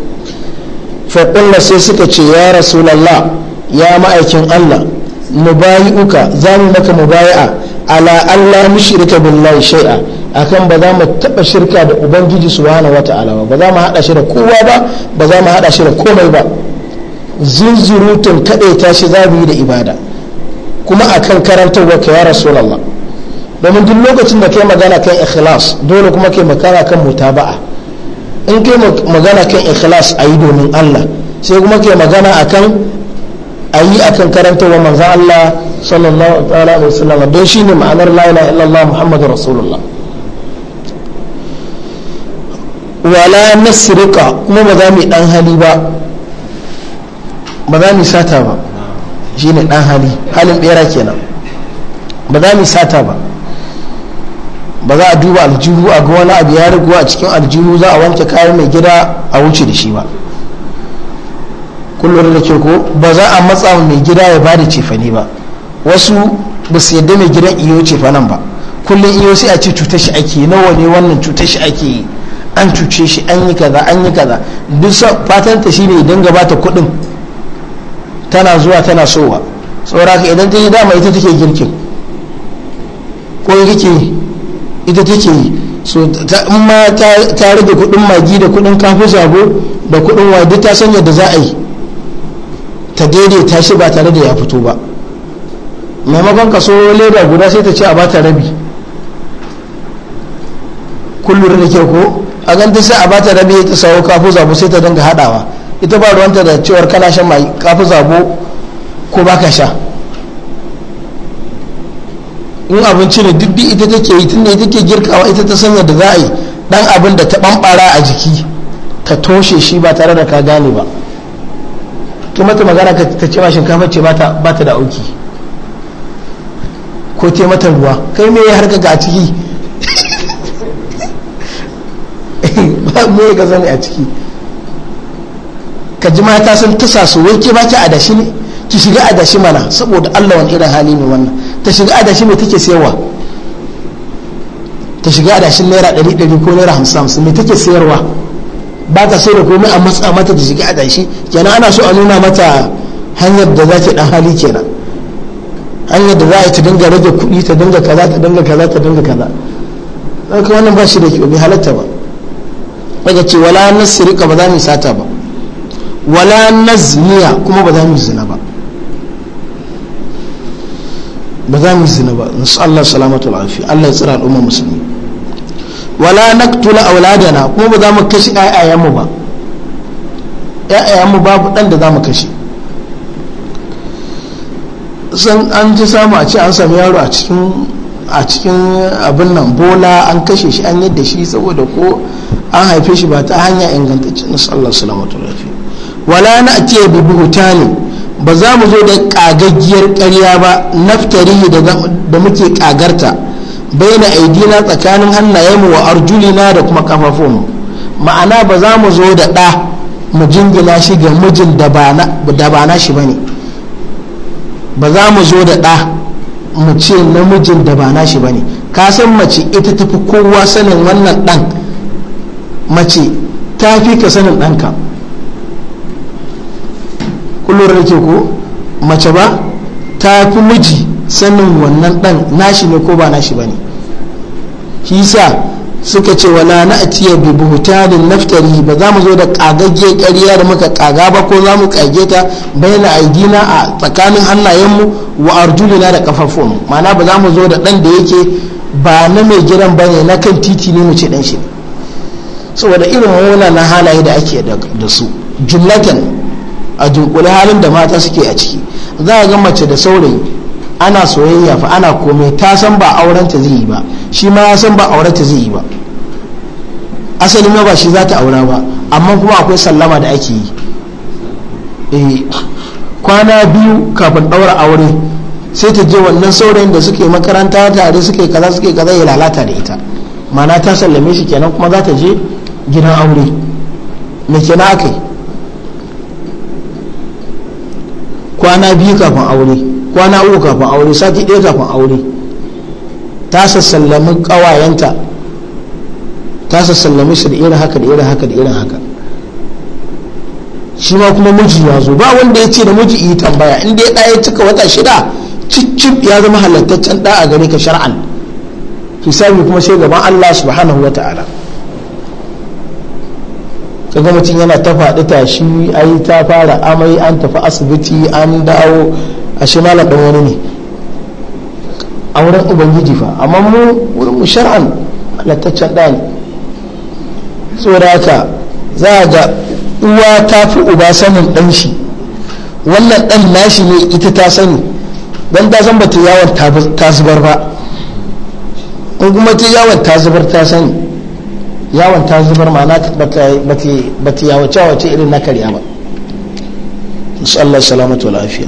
faƙulla sai suka ce ya rasulallah ya ma'aikin allah mu bayi uka za mu maka mu baya ala allah mu shirka billahi shai'a akan ba za mu taɓa shirka da ubangiji subhanahu wata'ala ba ba za mu haɗa shi da kowa ba ba za mu haɗa shi da komai ba zunzurutun ta shi za mu yi da ibada kuma akan karantarwa ka ya rasulallah domin duk lokacin da kai magana kan ikhlas dole kuma kai magana kan mutaba'a in kai magana kan ikhlas a yi domin Allah sai kuma kai magana kan a yi akan karantarwa manzan Allah sallallahu alaihi wasallam don shi ne ma'anar la ilaha illallah muhammadu rasulullah wala nasrika kuma ba za mu yi dan hali ba ba za mu sata ba shi ne dan hali halin bera kenan ba za mu sata ba ba za a duba aljihu a ga wani abu ya riguwa a cikin aljihu za a wanke kayan mai gida a wuce da shi ba kullum da ke ko ba za a matsa mai gida ya bada cefane ba wasu ba su yadda mai gidan iyo cefanen ba kullum iyo sai a ce cutar shi ake nawa ne wannan cutar shi ake an cuce shi an yi kaza an yi kaza duk fatan ta ne idan gabata kudin tana zuwa tana sowa tsoraka idan ta yi dama ita take girkin ko kake ita take yi so ta ma ta rage kudin magi da kudin kafin sabo da kudin wadi ta sanya da za a yi ta daidaita shi ba tare da ya fito ba maimakon kaso leda guda sai ta ce a bata rabi kullum da ke ko a ganta sai a bata rabi ta sawo kafin zabo sai ta dinga hadawa ita ba ruwanta da cewar kana shan kafin zabo ko baka sha in abinci ne duk ita take yi tunda ita ke girkawa ita ta sanya da za a yi dan abin da ta bambara a jiki ta toshe shi ba tare da ka gane ba ki mata magana ka ta ce ma shinkafa ce ba ta da auki ko te mata ruwa kai me ya harka ga a ciki *laughs* ba me ka sani a ciki ka ji mata sun tasa su wai ke ba ki adashi ne ki shiga adashi mana saboda Allah wani irin hali ne wannan ta shiga adashi mai take sayarwa ta shiga adashin naira ɗari ɗari ko naira 50 mai take sayarwa ba ta sai da komai a matsa mata ta shiga adashi kenan ana so a nuna mata hanyar da za ta ɗan hali kenan hanyar da za a yi ta dinga rage kuɗi ta dinga kaza ta dinga kaza ta dinga kaza ɗauka wannan ba shi da kyau bai halatta ba daga ce wala ka ba za mu sata ba wala nazmiya kuma ba za mu zina ba ba za mu zina ba nasu Allah salamatu al'afi Allah ya tsira al'umma musulmi wala naktula auladana kuma ba za mu kashe ƴaƴayenmu ba ƴaƴayenmu babu ɗan da za mu kashe san an ji samu a ce an samu yaro a cikin a cikin abin nan bola an kashe shi an yadda shi saboda ko an haife shi ba ta hanya ingantacce nasu Allah salamatu al'afi wala na ake bi buhutani ba za mu zo da ƙagaggiyar ƙarya ba naftarihi da muke ƙagarta baina aidina tsakanin hannayenmu wa arjulina da kuma kafafunmu ma'ana ba za mu zo da ɗa mu jingina shi ga mijin da ba na shi ba ne ba za mu zo da ɗa mu ce namijin da ba na shi ba ne ka san mace ita tafi kowa sanin wannan ɗan mace ta fi ka sanin ɗanka kullum da ke ko mace ba ta fi miji sanin wannan dan nashi ne ko ba nashi ba ne hisa suka ce wala na da bi buhutanin naftari ba za mu zo da ƙagagge ƙarya da muka kaga ba ko za mu ƙage ta bayan aidina a tsakanin hannayenmu wa arjulina da ƙafafun ma'ana ba za mu zo da ɗan da yake ba na mai gidan ba ne na kan titi ne mu ce ɗan shi saboda irin wannan na halaye da ake da su jumlatan a dunkule halin da mata suke a ciki za a ga mace da saurayi ana soyayya fa ana komai ta san ba auren ta zai yi ba shi ma ya san ba auren ta zai yi ba asali ma ba shi za ta aura ba amma kuma akwai sallama da ake yi eh, kwana biyu kafin ɗaura aure sai ta je wannan saurayin da suke makaranta tare suke kaza suke kaza ya lalata da ita mana ta sallame shi kenan kuma za ta je gidan aure me kenan aka yi kwana biyu kafin aure kwana uku kafin aure sati ɗaya kafin aure ta sassallami ƙawayenta ta sassallami su da irin haka da irin haka da irin haka shi ma kuma miji ya zo ba wanda ya ce da miji yi tambaya in dai ɗaya cika wata shida cicip ya zama halattaccen ɗa a gare ka shar'an hisabi kuma sai gaban Allah subhanahu wa ta'ala kaga mutum yana ta faɗi tashi ai ta fara amai an tafi asibiti an dawo a shi malam ɗan wani ne a wurin ubangiji fa amma mu wurin mu shar'an halattaccen ɗa ne saboda za a ga uwa ta fi uba sanin ɗan shi wannan ɗan nashi ne ita ta sani don ta san bata yawon ta zubar ba kuma ta yawon ta zubar ta sani yawon ta zubar ma'ana ba ta yawace wace irin na karya ba Allah salamatu lafiya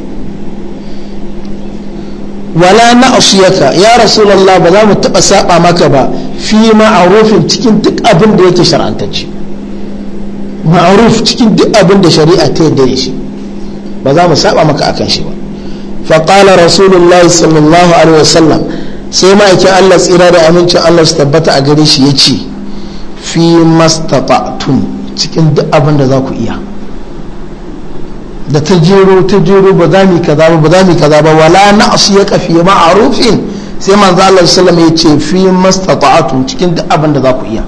wala na asiyaka ya rasulallah ba za mu taɓa saɓa maka ba fi ma'arufin cikin duk abin da yake shar'antacce ma'aruf cikin duk abin da shari'a ta yadda da shi ba za mu saɓa maka akan shi ba faƙala rasulullahi sallallahu alaihi wasallam sai ma'aikin allah tsira da amincin allah su tabbata a gare shi ya ce fi mastata'tum cikin duk abin da za ku iya da ta jero ta jero ba za mu kaza ba ba za mu kaza ba wala na asu ya kafi rufin sai manzo Allah sallama ya ce fi mastata'tum cikin duk abin da za ku iya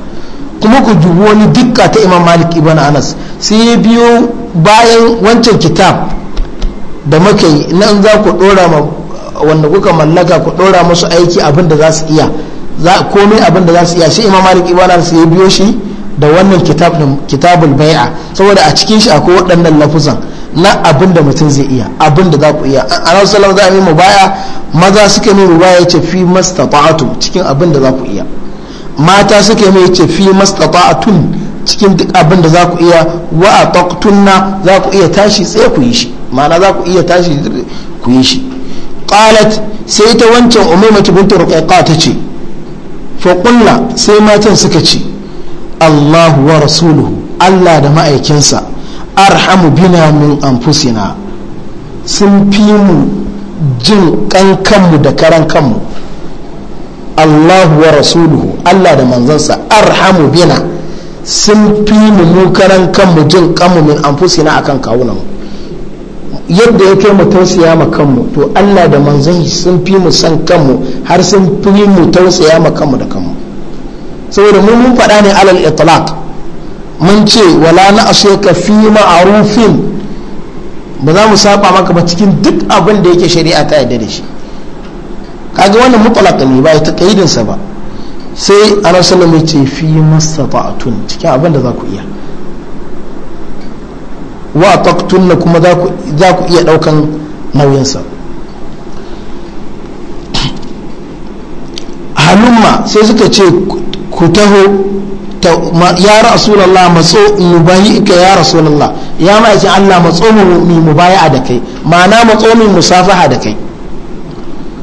kuma ku dubi wani dukka ta Imam Malik ibn Anas sai ya biyo bayan wancan kitab da muka yi nan za ku dora ma wanda kuka mallaka ku dora musu aiki abin da za su iya za komai abin da za su iya shi imam malik ibn su ya biyo shi da wannan kitabul bai'a saboda a cikin shi akwai waɗannan lafuzan na abin da mutum zai iya abin da za ku iya a za a yi baya maza suke mai ya ce fi mastata'atum cikin abin da za ku iya mata suka mai ce fi mastata'atun cikin duk abin da za ku iya wa a ataqtunna za ku iya tashi tsaye ku yi shi ma'ana za ku iya tashi ku yi shi qalat sai ta wancan umaymatu bint ruqayqa ta ce faƙulla sai matan suka ce allahu wa rasuluhu allah da ma'aikinsa arhamu bina min anfusina sun fi mu jin kankanmu da karan kanmu allahu wa rasuluhu allah da manzansa arhamu bina sun fi mu mu karan kanmu jin kanmu min anfusina akan kawunanmu yadda ya kai mu tausaya ma kanmu to Allah da manzon sun fi mu san kanmu har sun fi mu tausaya ma kanmu da kanmu saboda mun mun faɗa ne alal itlaq mun ce wala na ka fi ma'rufin ba za mu saba maka ba cikin duk abin da yake shari'a ta yadda da shi kaga wannan mutlaq ne ba ta kaidin sa ba sai ana sallallahu ce fi mastata'tun cikin abin da za ku iya wa na kuma za ku iya daukan nauyinsa halumma sai suka ce ku taho ya rasulallah matso bayi ka ya rasulallah ya ma'aikin Allah matso mu mu mubaya da kai ma'ana matso mu musafaha da kai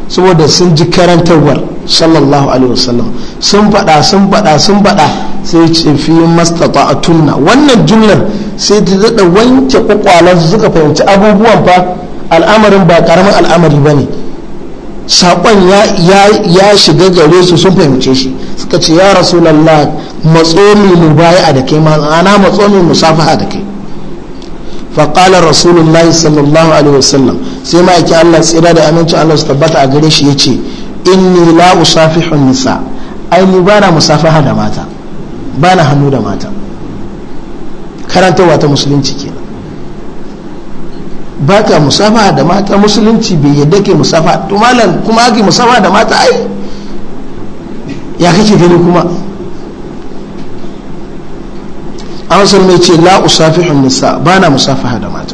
saboda sun ji karantarwar sallallahu alaihi wasallam sun faɗa sun faɗa sun faɗa sai ce fi mastata a tunna wannan jumlar sai ta daɗa wanke kwakwalan suka fahimci abubuwan fa al'amarin ba karamin al'amari ba ne saƙon ya shiga gare su sun fahimce shi suka ce ya rasulallah matsomi mu baya a da kai ma'ana matsomi a da kai faƙalar rasulullahi sallallahu alaihi wasallam sai ma'aiki allah tsira da aminci allah su tabbata a gare shi ya ce inni la usafihun nisa ai ni bana musafaha da mata bana hannu da mata karantarwa ta musulunci kenan ka musafaha da mata musulunci bai yadda ke musafa tumalan kuma ake musafaha da mata ai ya kake gani kuma an san mai ce la usafihun nisa bana musafaha da mata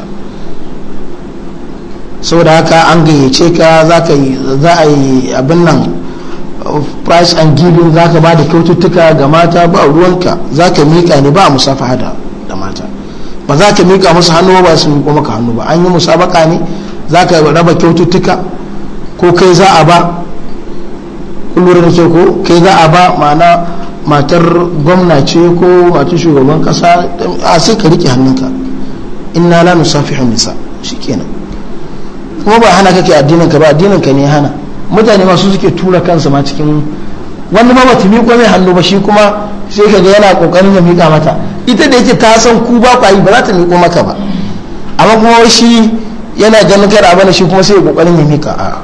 saboda haka an gayyace ka za a yi abin nan price and giving za ka ba da kyaututtuka ga mata ba ruwanka za ka miƙa ne ba a musafaha da da mata ba za ka miƙa musu hannu ba su miƙo maka hannu ba an yi musabaka ne za ka raba kyaututtuka ko kai za a ba kullum da ko kai za a ba ma'ana matar gwamna ce ko matar shugaban kasa a sai ka riƙe hannunka inna la nusafihun nisa shikenan kuma ba hana kake addinin ka ba addinin ka ne hana mutane masu suke tura kansa ma cikin wani ma bata miƙo mai hannu ba shi kuma sai ka ga yana kokarin ya mika mata ita da yake ta san ku ba kwayi ba za ta miƙo maka ba amma kuma shi yana ganin kada abin shi kuma sai ya kokarin ya miƙa a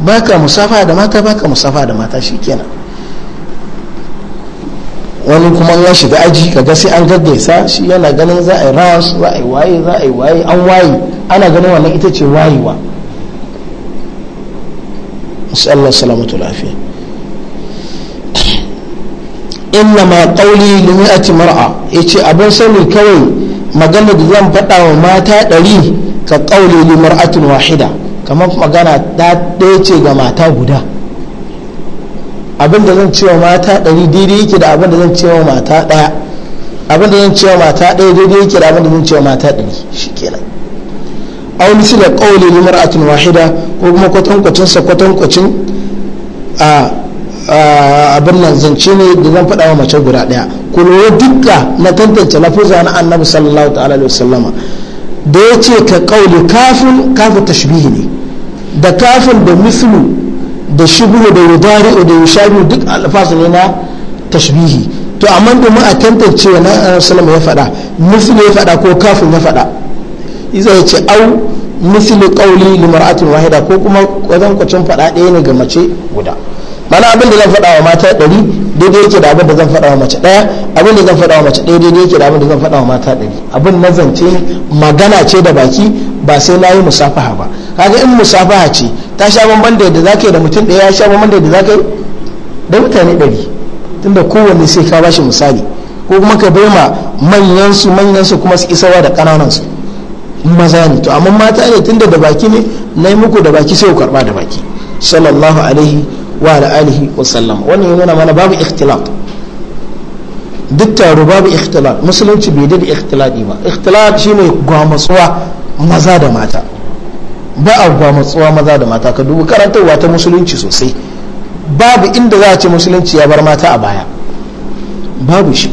baka musafa da mata baka musafa da mata shikenan wani kuma ya shiga aji kaga sai an gaggaisa shi yana ganin za a yi ras za a yi waye za a yi waye an waye ana ganin wannan ita ce wayewa Allah salamatu lafiya inna ma qawli li mi'ati mar'a yace abin sani kawai magana da zan faɗa wa mata ɗari ka qawli li mar'atin wahida kamar magana ta ɗaya ce ga mata guda abin da zan cewa mata ɗari daidai yake da abin da zan cewa mata ɗaya abin da zan cewa mata ɗaya daidai yake da abin da zan cewa mata ɗari shikenan aw misla qawli li mar'atin wahida ko kuma kwatankwacin sa kwatankwacin a abin nan zance ne da zan faɗa wa mace guda ɗaya ku lura dukka na tantance lafuza na annabi sallallahu ta'ala alaihi wasallama da ya ce ka kauli kafin kafin tashbihi ne da kafin da mislu da shubuhu da yudari da yushabi duk alfasu ne na tashbihi to amma domin a tantance wa nan salama ya fada misli ya fada ko kafin ya fada iza ya ce au misli kauli limar'atin wahida ko kuma wajen kwacin faɗa ɗaya ne ga mace guda mana abin da zan faɗa wa mata ɗari daidai yake da abin da zan faɗa wa mace ɗaya abin da zan faɗa wa mace ɗaya daidai yake da abin da zan faɗa wa mata ɗari abin na zance magana ce da baki ba sai na yi musafaha ba kaga in musafaha ce ta sha bamban da yadda ka yi da mutum ɗaya ya sha bamban da yadda ka yi da mutane ɗari tunda kowanne sai ka bashi misali ko kuma ka bai ma manyan su manyan su kuma su isawa da ƙananan su maza ne to amma mata ne tunda da baki ne na yi muku da baki sai ku karɓa da baki sallallahu alaihi wa ala alihi wa sallam wannan ya nuna mana babu ikhtilat duk taro babu ikhtilat musulunci bai da ikhtilati ba ikhtilat shine gwamatsuwa maza da mata ba a gwamatsuwa maza da mata ka dubi karantarwa ta musulunci sosai babu inda za a ce musulunci ya bar mata a baya babu shi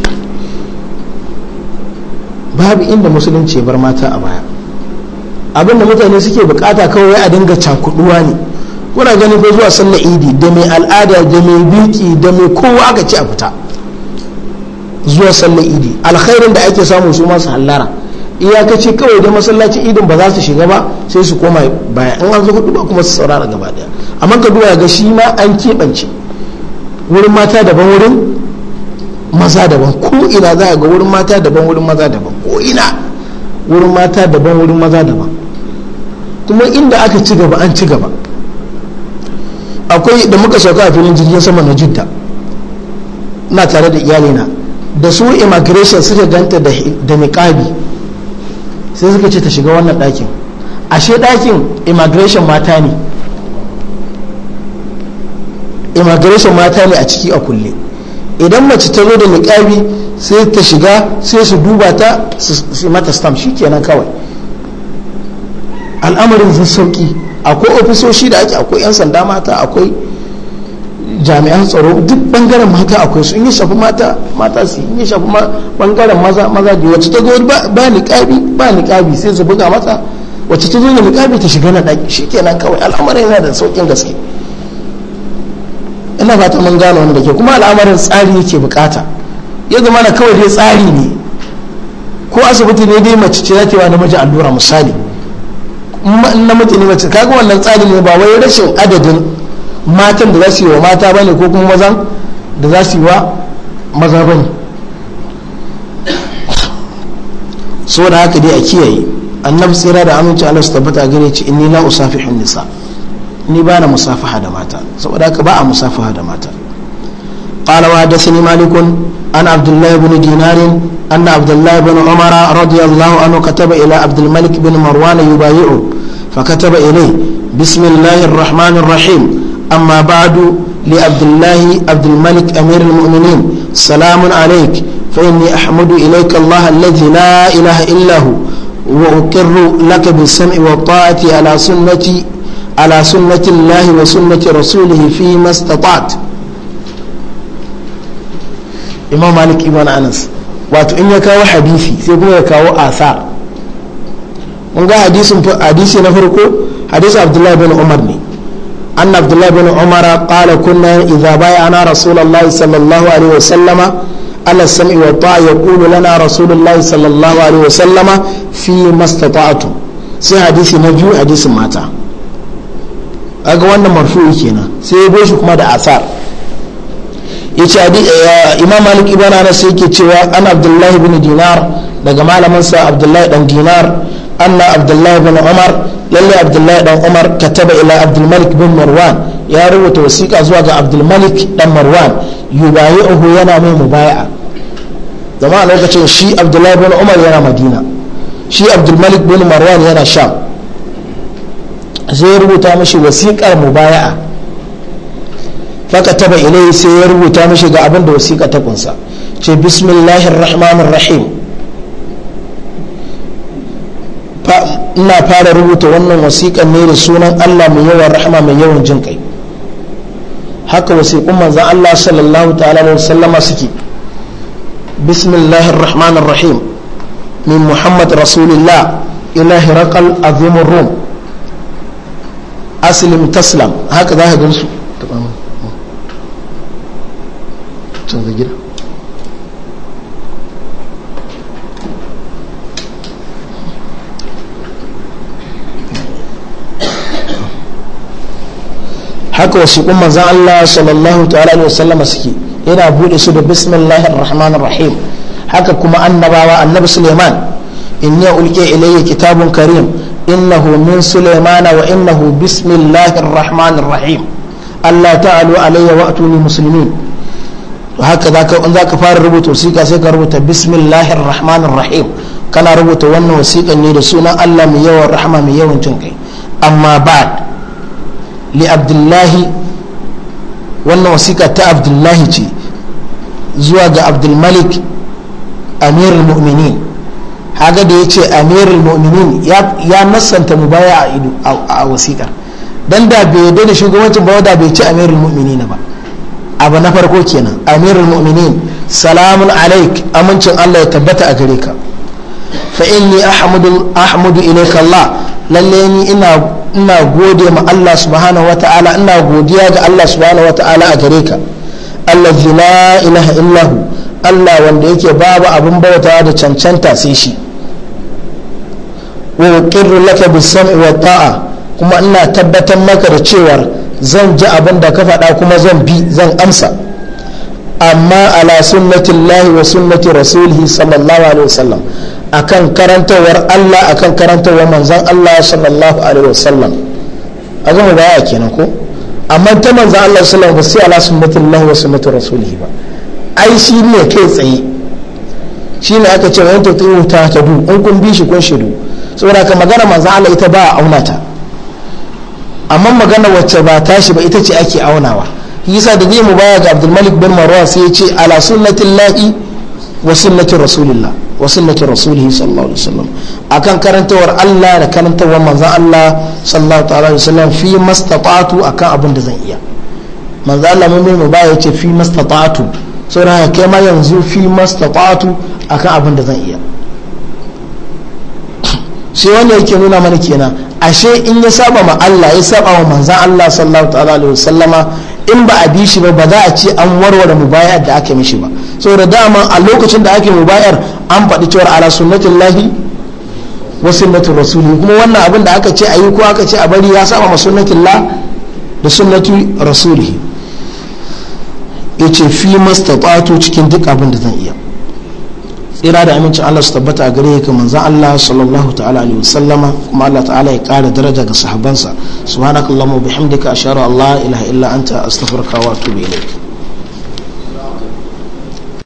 babu inda musulunci ya bar mata a baya abinda mutane suke bukata kawai a dinga cakuduwa ne kuna gani ko zuwa sallar idi da mai al'ada da mai binki, da mai kowa aka ce a fita zuwa sallar idi alkhairin da ake samu su masu hallara ce kawai da masallacin idin ba za su shiga ba sai su koma baya an zo hudu ba kuma su saurara gaba daya amma ka duba ga shi ma an keɓance wurin mata daban wurin maza daban ko ina za a ga wurin mata daban wurin maza daban ko ina wurin mata daban wurin maza daban kuma inda aka ci gaba an ci gaba akwai da muka sauka a filin jirgin sama na jidda na tare da iyalina da su immigration suka ganta da niƙabi sai suka ce ta shiga wannan ɗakin ashe ɗakin immigration mata ne immigration mata ne a ciki a kulle idan mace ta zo da niƙabi sai ta shiga sai su duba ta su mata stamp shi kenan kawai al'amarin zai sauƙi akwai ofisoshi da ake akwai 'yan sanda mata akwai jami'an tsaro duk bangaren mata akwai su yi shafi mata mata su yi shafi bangaren maza maza da wacce ta gori ba niƙabi ba niƙabi sai su buga mata wacce ta zo da niƙabi ta shiga na ɗaki shi kenan kawai al'amarin yana da sauƙin gaske ina fata mun gane wanda ke kuma al'amarin tsari yake bukata ya zama na kawai dai tsari ne ko asibiti ne dai mace ce za ta yi wa namiji allura misali namiji ne mace kaga wannan tsari ne ba wai rashin adadin matan da za su yi wa mata ba ne ko kuma mazan da za su yi wa maza ne so da haka dai a kiyaye annabi tsira da amince Allah su tabbata gare ci inni la usafihun nisa ni ba na musafaha da mata saboda haka ba a musafaha da mata qala wa hadathani malikun عن عبد الله بن دينار أن عبد الله بن عمر رضي الله عنه كتب إلى عبد الملك بن مروان يبايعه فكتب إليه بسم الله الرحمن الرحيم أما بعد لعبد الله عبد الملك أمير المؤمنين سلام عليك فإني أحمد إليك الله الذي لا إله إلا هو وأقر لك بالسمع والطاعة على سنة على سنة الله وسنة رسوله فيما استطعت imam malik ibn anas wato in ya kawo hadisi sai kuma ya kawo asar mun ga hadisin hadisi na farko hadisi abdullahi bin umar ne anna abdullahi bin umar qala kunna idza bai'ana rasulullah sallallahu alaihi wasallama ala sami wa ta yaqulu lana rasulullah sallallahu alaihi wasallama fi mastata'tu sai hadisi na biyu hadisin mata aga wannan marfu kenan sai ya goshi kuma da asar yace eh, imam malik ibn anas yake cewa an abdullahi ibn dinar daga malamin sa abdullahi dan dinar anna abdullahi ibn umar lalle abdullahi dan umar kataba ila abdul malik bin marwan ya rubuta wasiƙa zuwa ga abdul malik dan marwan yubayi'uhu yana mai mubaya'a zama a lokacin shi abdullahi bin umar yana madina shi abdul malik bin marwan yana sham zai rubuta mashi wasiƙar mubaya'a faka taba ilai sai ya rubuta mishi ga abin da wasiƙa ta kunsa ce bismillahir rahmanir rahim ina fara rubuta wannan wasiƙan ne da sunan Allah mai yawan rahama mai yawan jin kai haka wasiƙun manzan Allah sallallahu ta'ala wa sallama suke bismillahir rahmanir rahim min muhammad rasulillah ila hiraqal azimur rum aslim taslam haka za ka gansu canza gida haka wasiƙun manzan Allah sallallahu ta'ala alaihi wasallama suke yana buɗe su da bismillahir rahmanir rahim haka kuma annabawa annabi Suleiman inni ulke ilayya kitabun karim innahu min suleimana wa innahu bismillahir rahmanir rahim Allah ta'alu alayya wa atuni muslimin to haka ka in za ka fara rubuta wasiƙa sai ka rubuta bismillahir rahmanir rahim kana rubuta wannan wasiƙan ne da sunan Allah mai yawan rahama mai yawan jin kai amma ba'ad li abdullahi wannan wasiƙa ta abdullahi ce zuwa ga abdulmalik amirul mu'minin haga da ya ce amirul mu'minin ya nasanta mu baya a wasiƙar dan da bai yarda da shugabancin ba da bai ci amirul mu'minin ba abu na farko kenan amirul mu'minin salamun alaik amincin Allah ya tabbata a gare ka fa inni ahmadu ahmadu ilayka Allah lalle ni ina gode ma Allah subhanahu wataala ina godiya ga Allah subhanahu wataala a gare ka allazi la ilaha illahu Allah wanda yake babu abin bauta da cancanta sai shi wa qirru laka bis sam'i wa ta'a kuma ina tabbatar maka da cewar zan ji abin da ka faɗa kuma zan bi zan amsa amma ala sunnatillahi wa sunnati rasulihi sallallahu alaihi wasallam akan karantawar Allah akan karantawar manzan Allah sallallahu alaihi wasallam a zama ya kenan ko amma ta manzan Allah sallallahu alaihi wasallam ba sai ala sunnatillahi wa sunnati rasulihi ba ai shi ne kai tsaye shi ne aka ce wani ta ta du in kun bi shi kun shidu saboda ka magana manzan Allah ita ba a aunata amma magana wacce ba tashi ba ita ce ake aunawa yasa da zai mu baya ga abdulmalik bin marwa sai ya ce ala sunnatin la'i wa sunnatin rasulillah wa sunnatin rasulihi sallallahu alaihi wasallam akan karantawar Allah da karantawar manzon Allah sallallahu alaihi wasallam fi mastata'tu akan abin da zan iya manzon Allah mun mu baya ce fi mastata'tu saboda kai ma yanzu fi mastata'tu akan abin da zan iya shi wanda yake nuna mana kenan ashe in ya saba ma Allah ya saba wa manzan Allah sallallahu ta'ala alaihi wasallama in ba a bi shi ba ba za a ce an warware mubayar da aka mishi ba da dama a lokacin da ake mubayar an faɗi cewar ala lahi wa sunnatin rasuli kuma wannan abin da aka ce a yi ko aka ce a bari ya saba ma la da sunnatu Ya yace fi mastata'tu cikin duk abin da zan iya tsira da amincin Allah su tabbata a gare ka manzon Allah sallallahu ta'ala alaihi wasallama kuma Allah ta'ala ya kara daraja ga sahabbansa subhanakallahumma bihamdika ashhadu an allah ilaha illa anta astaghfiruka wa atubu ilayk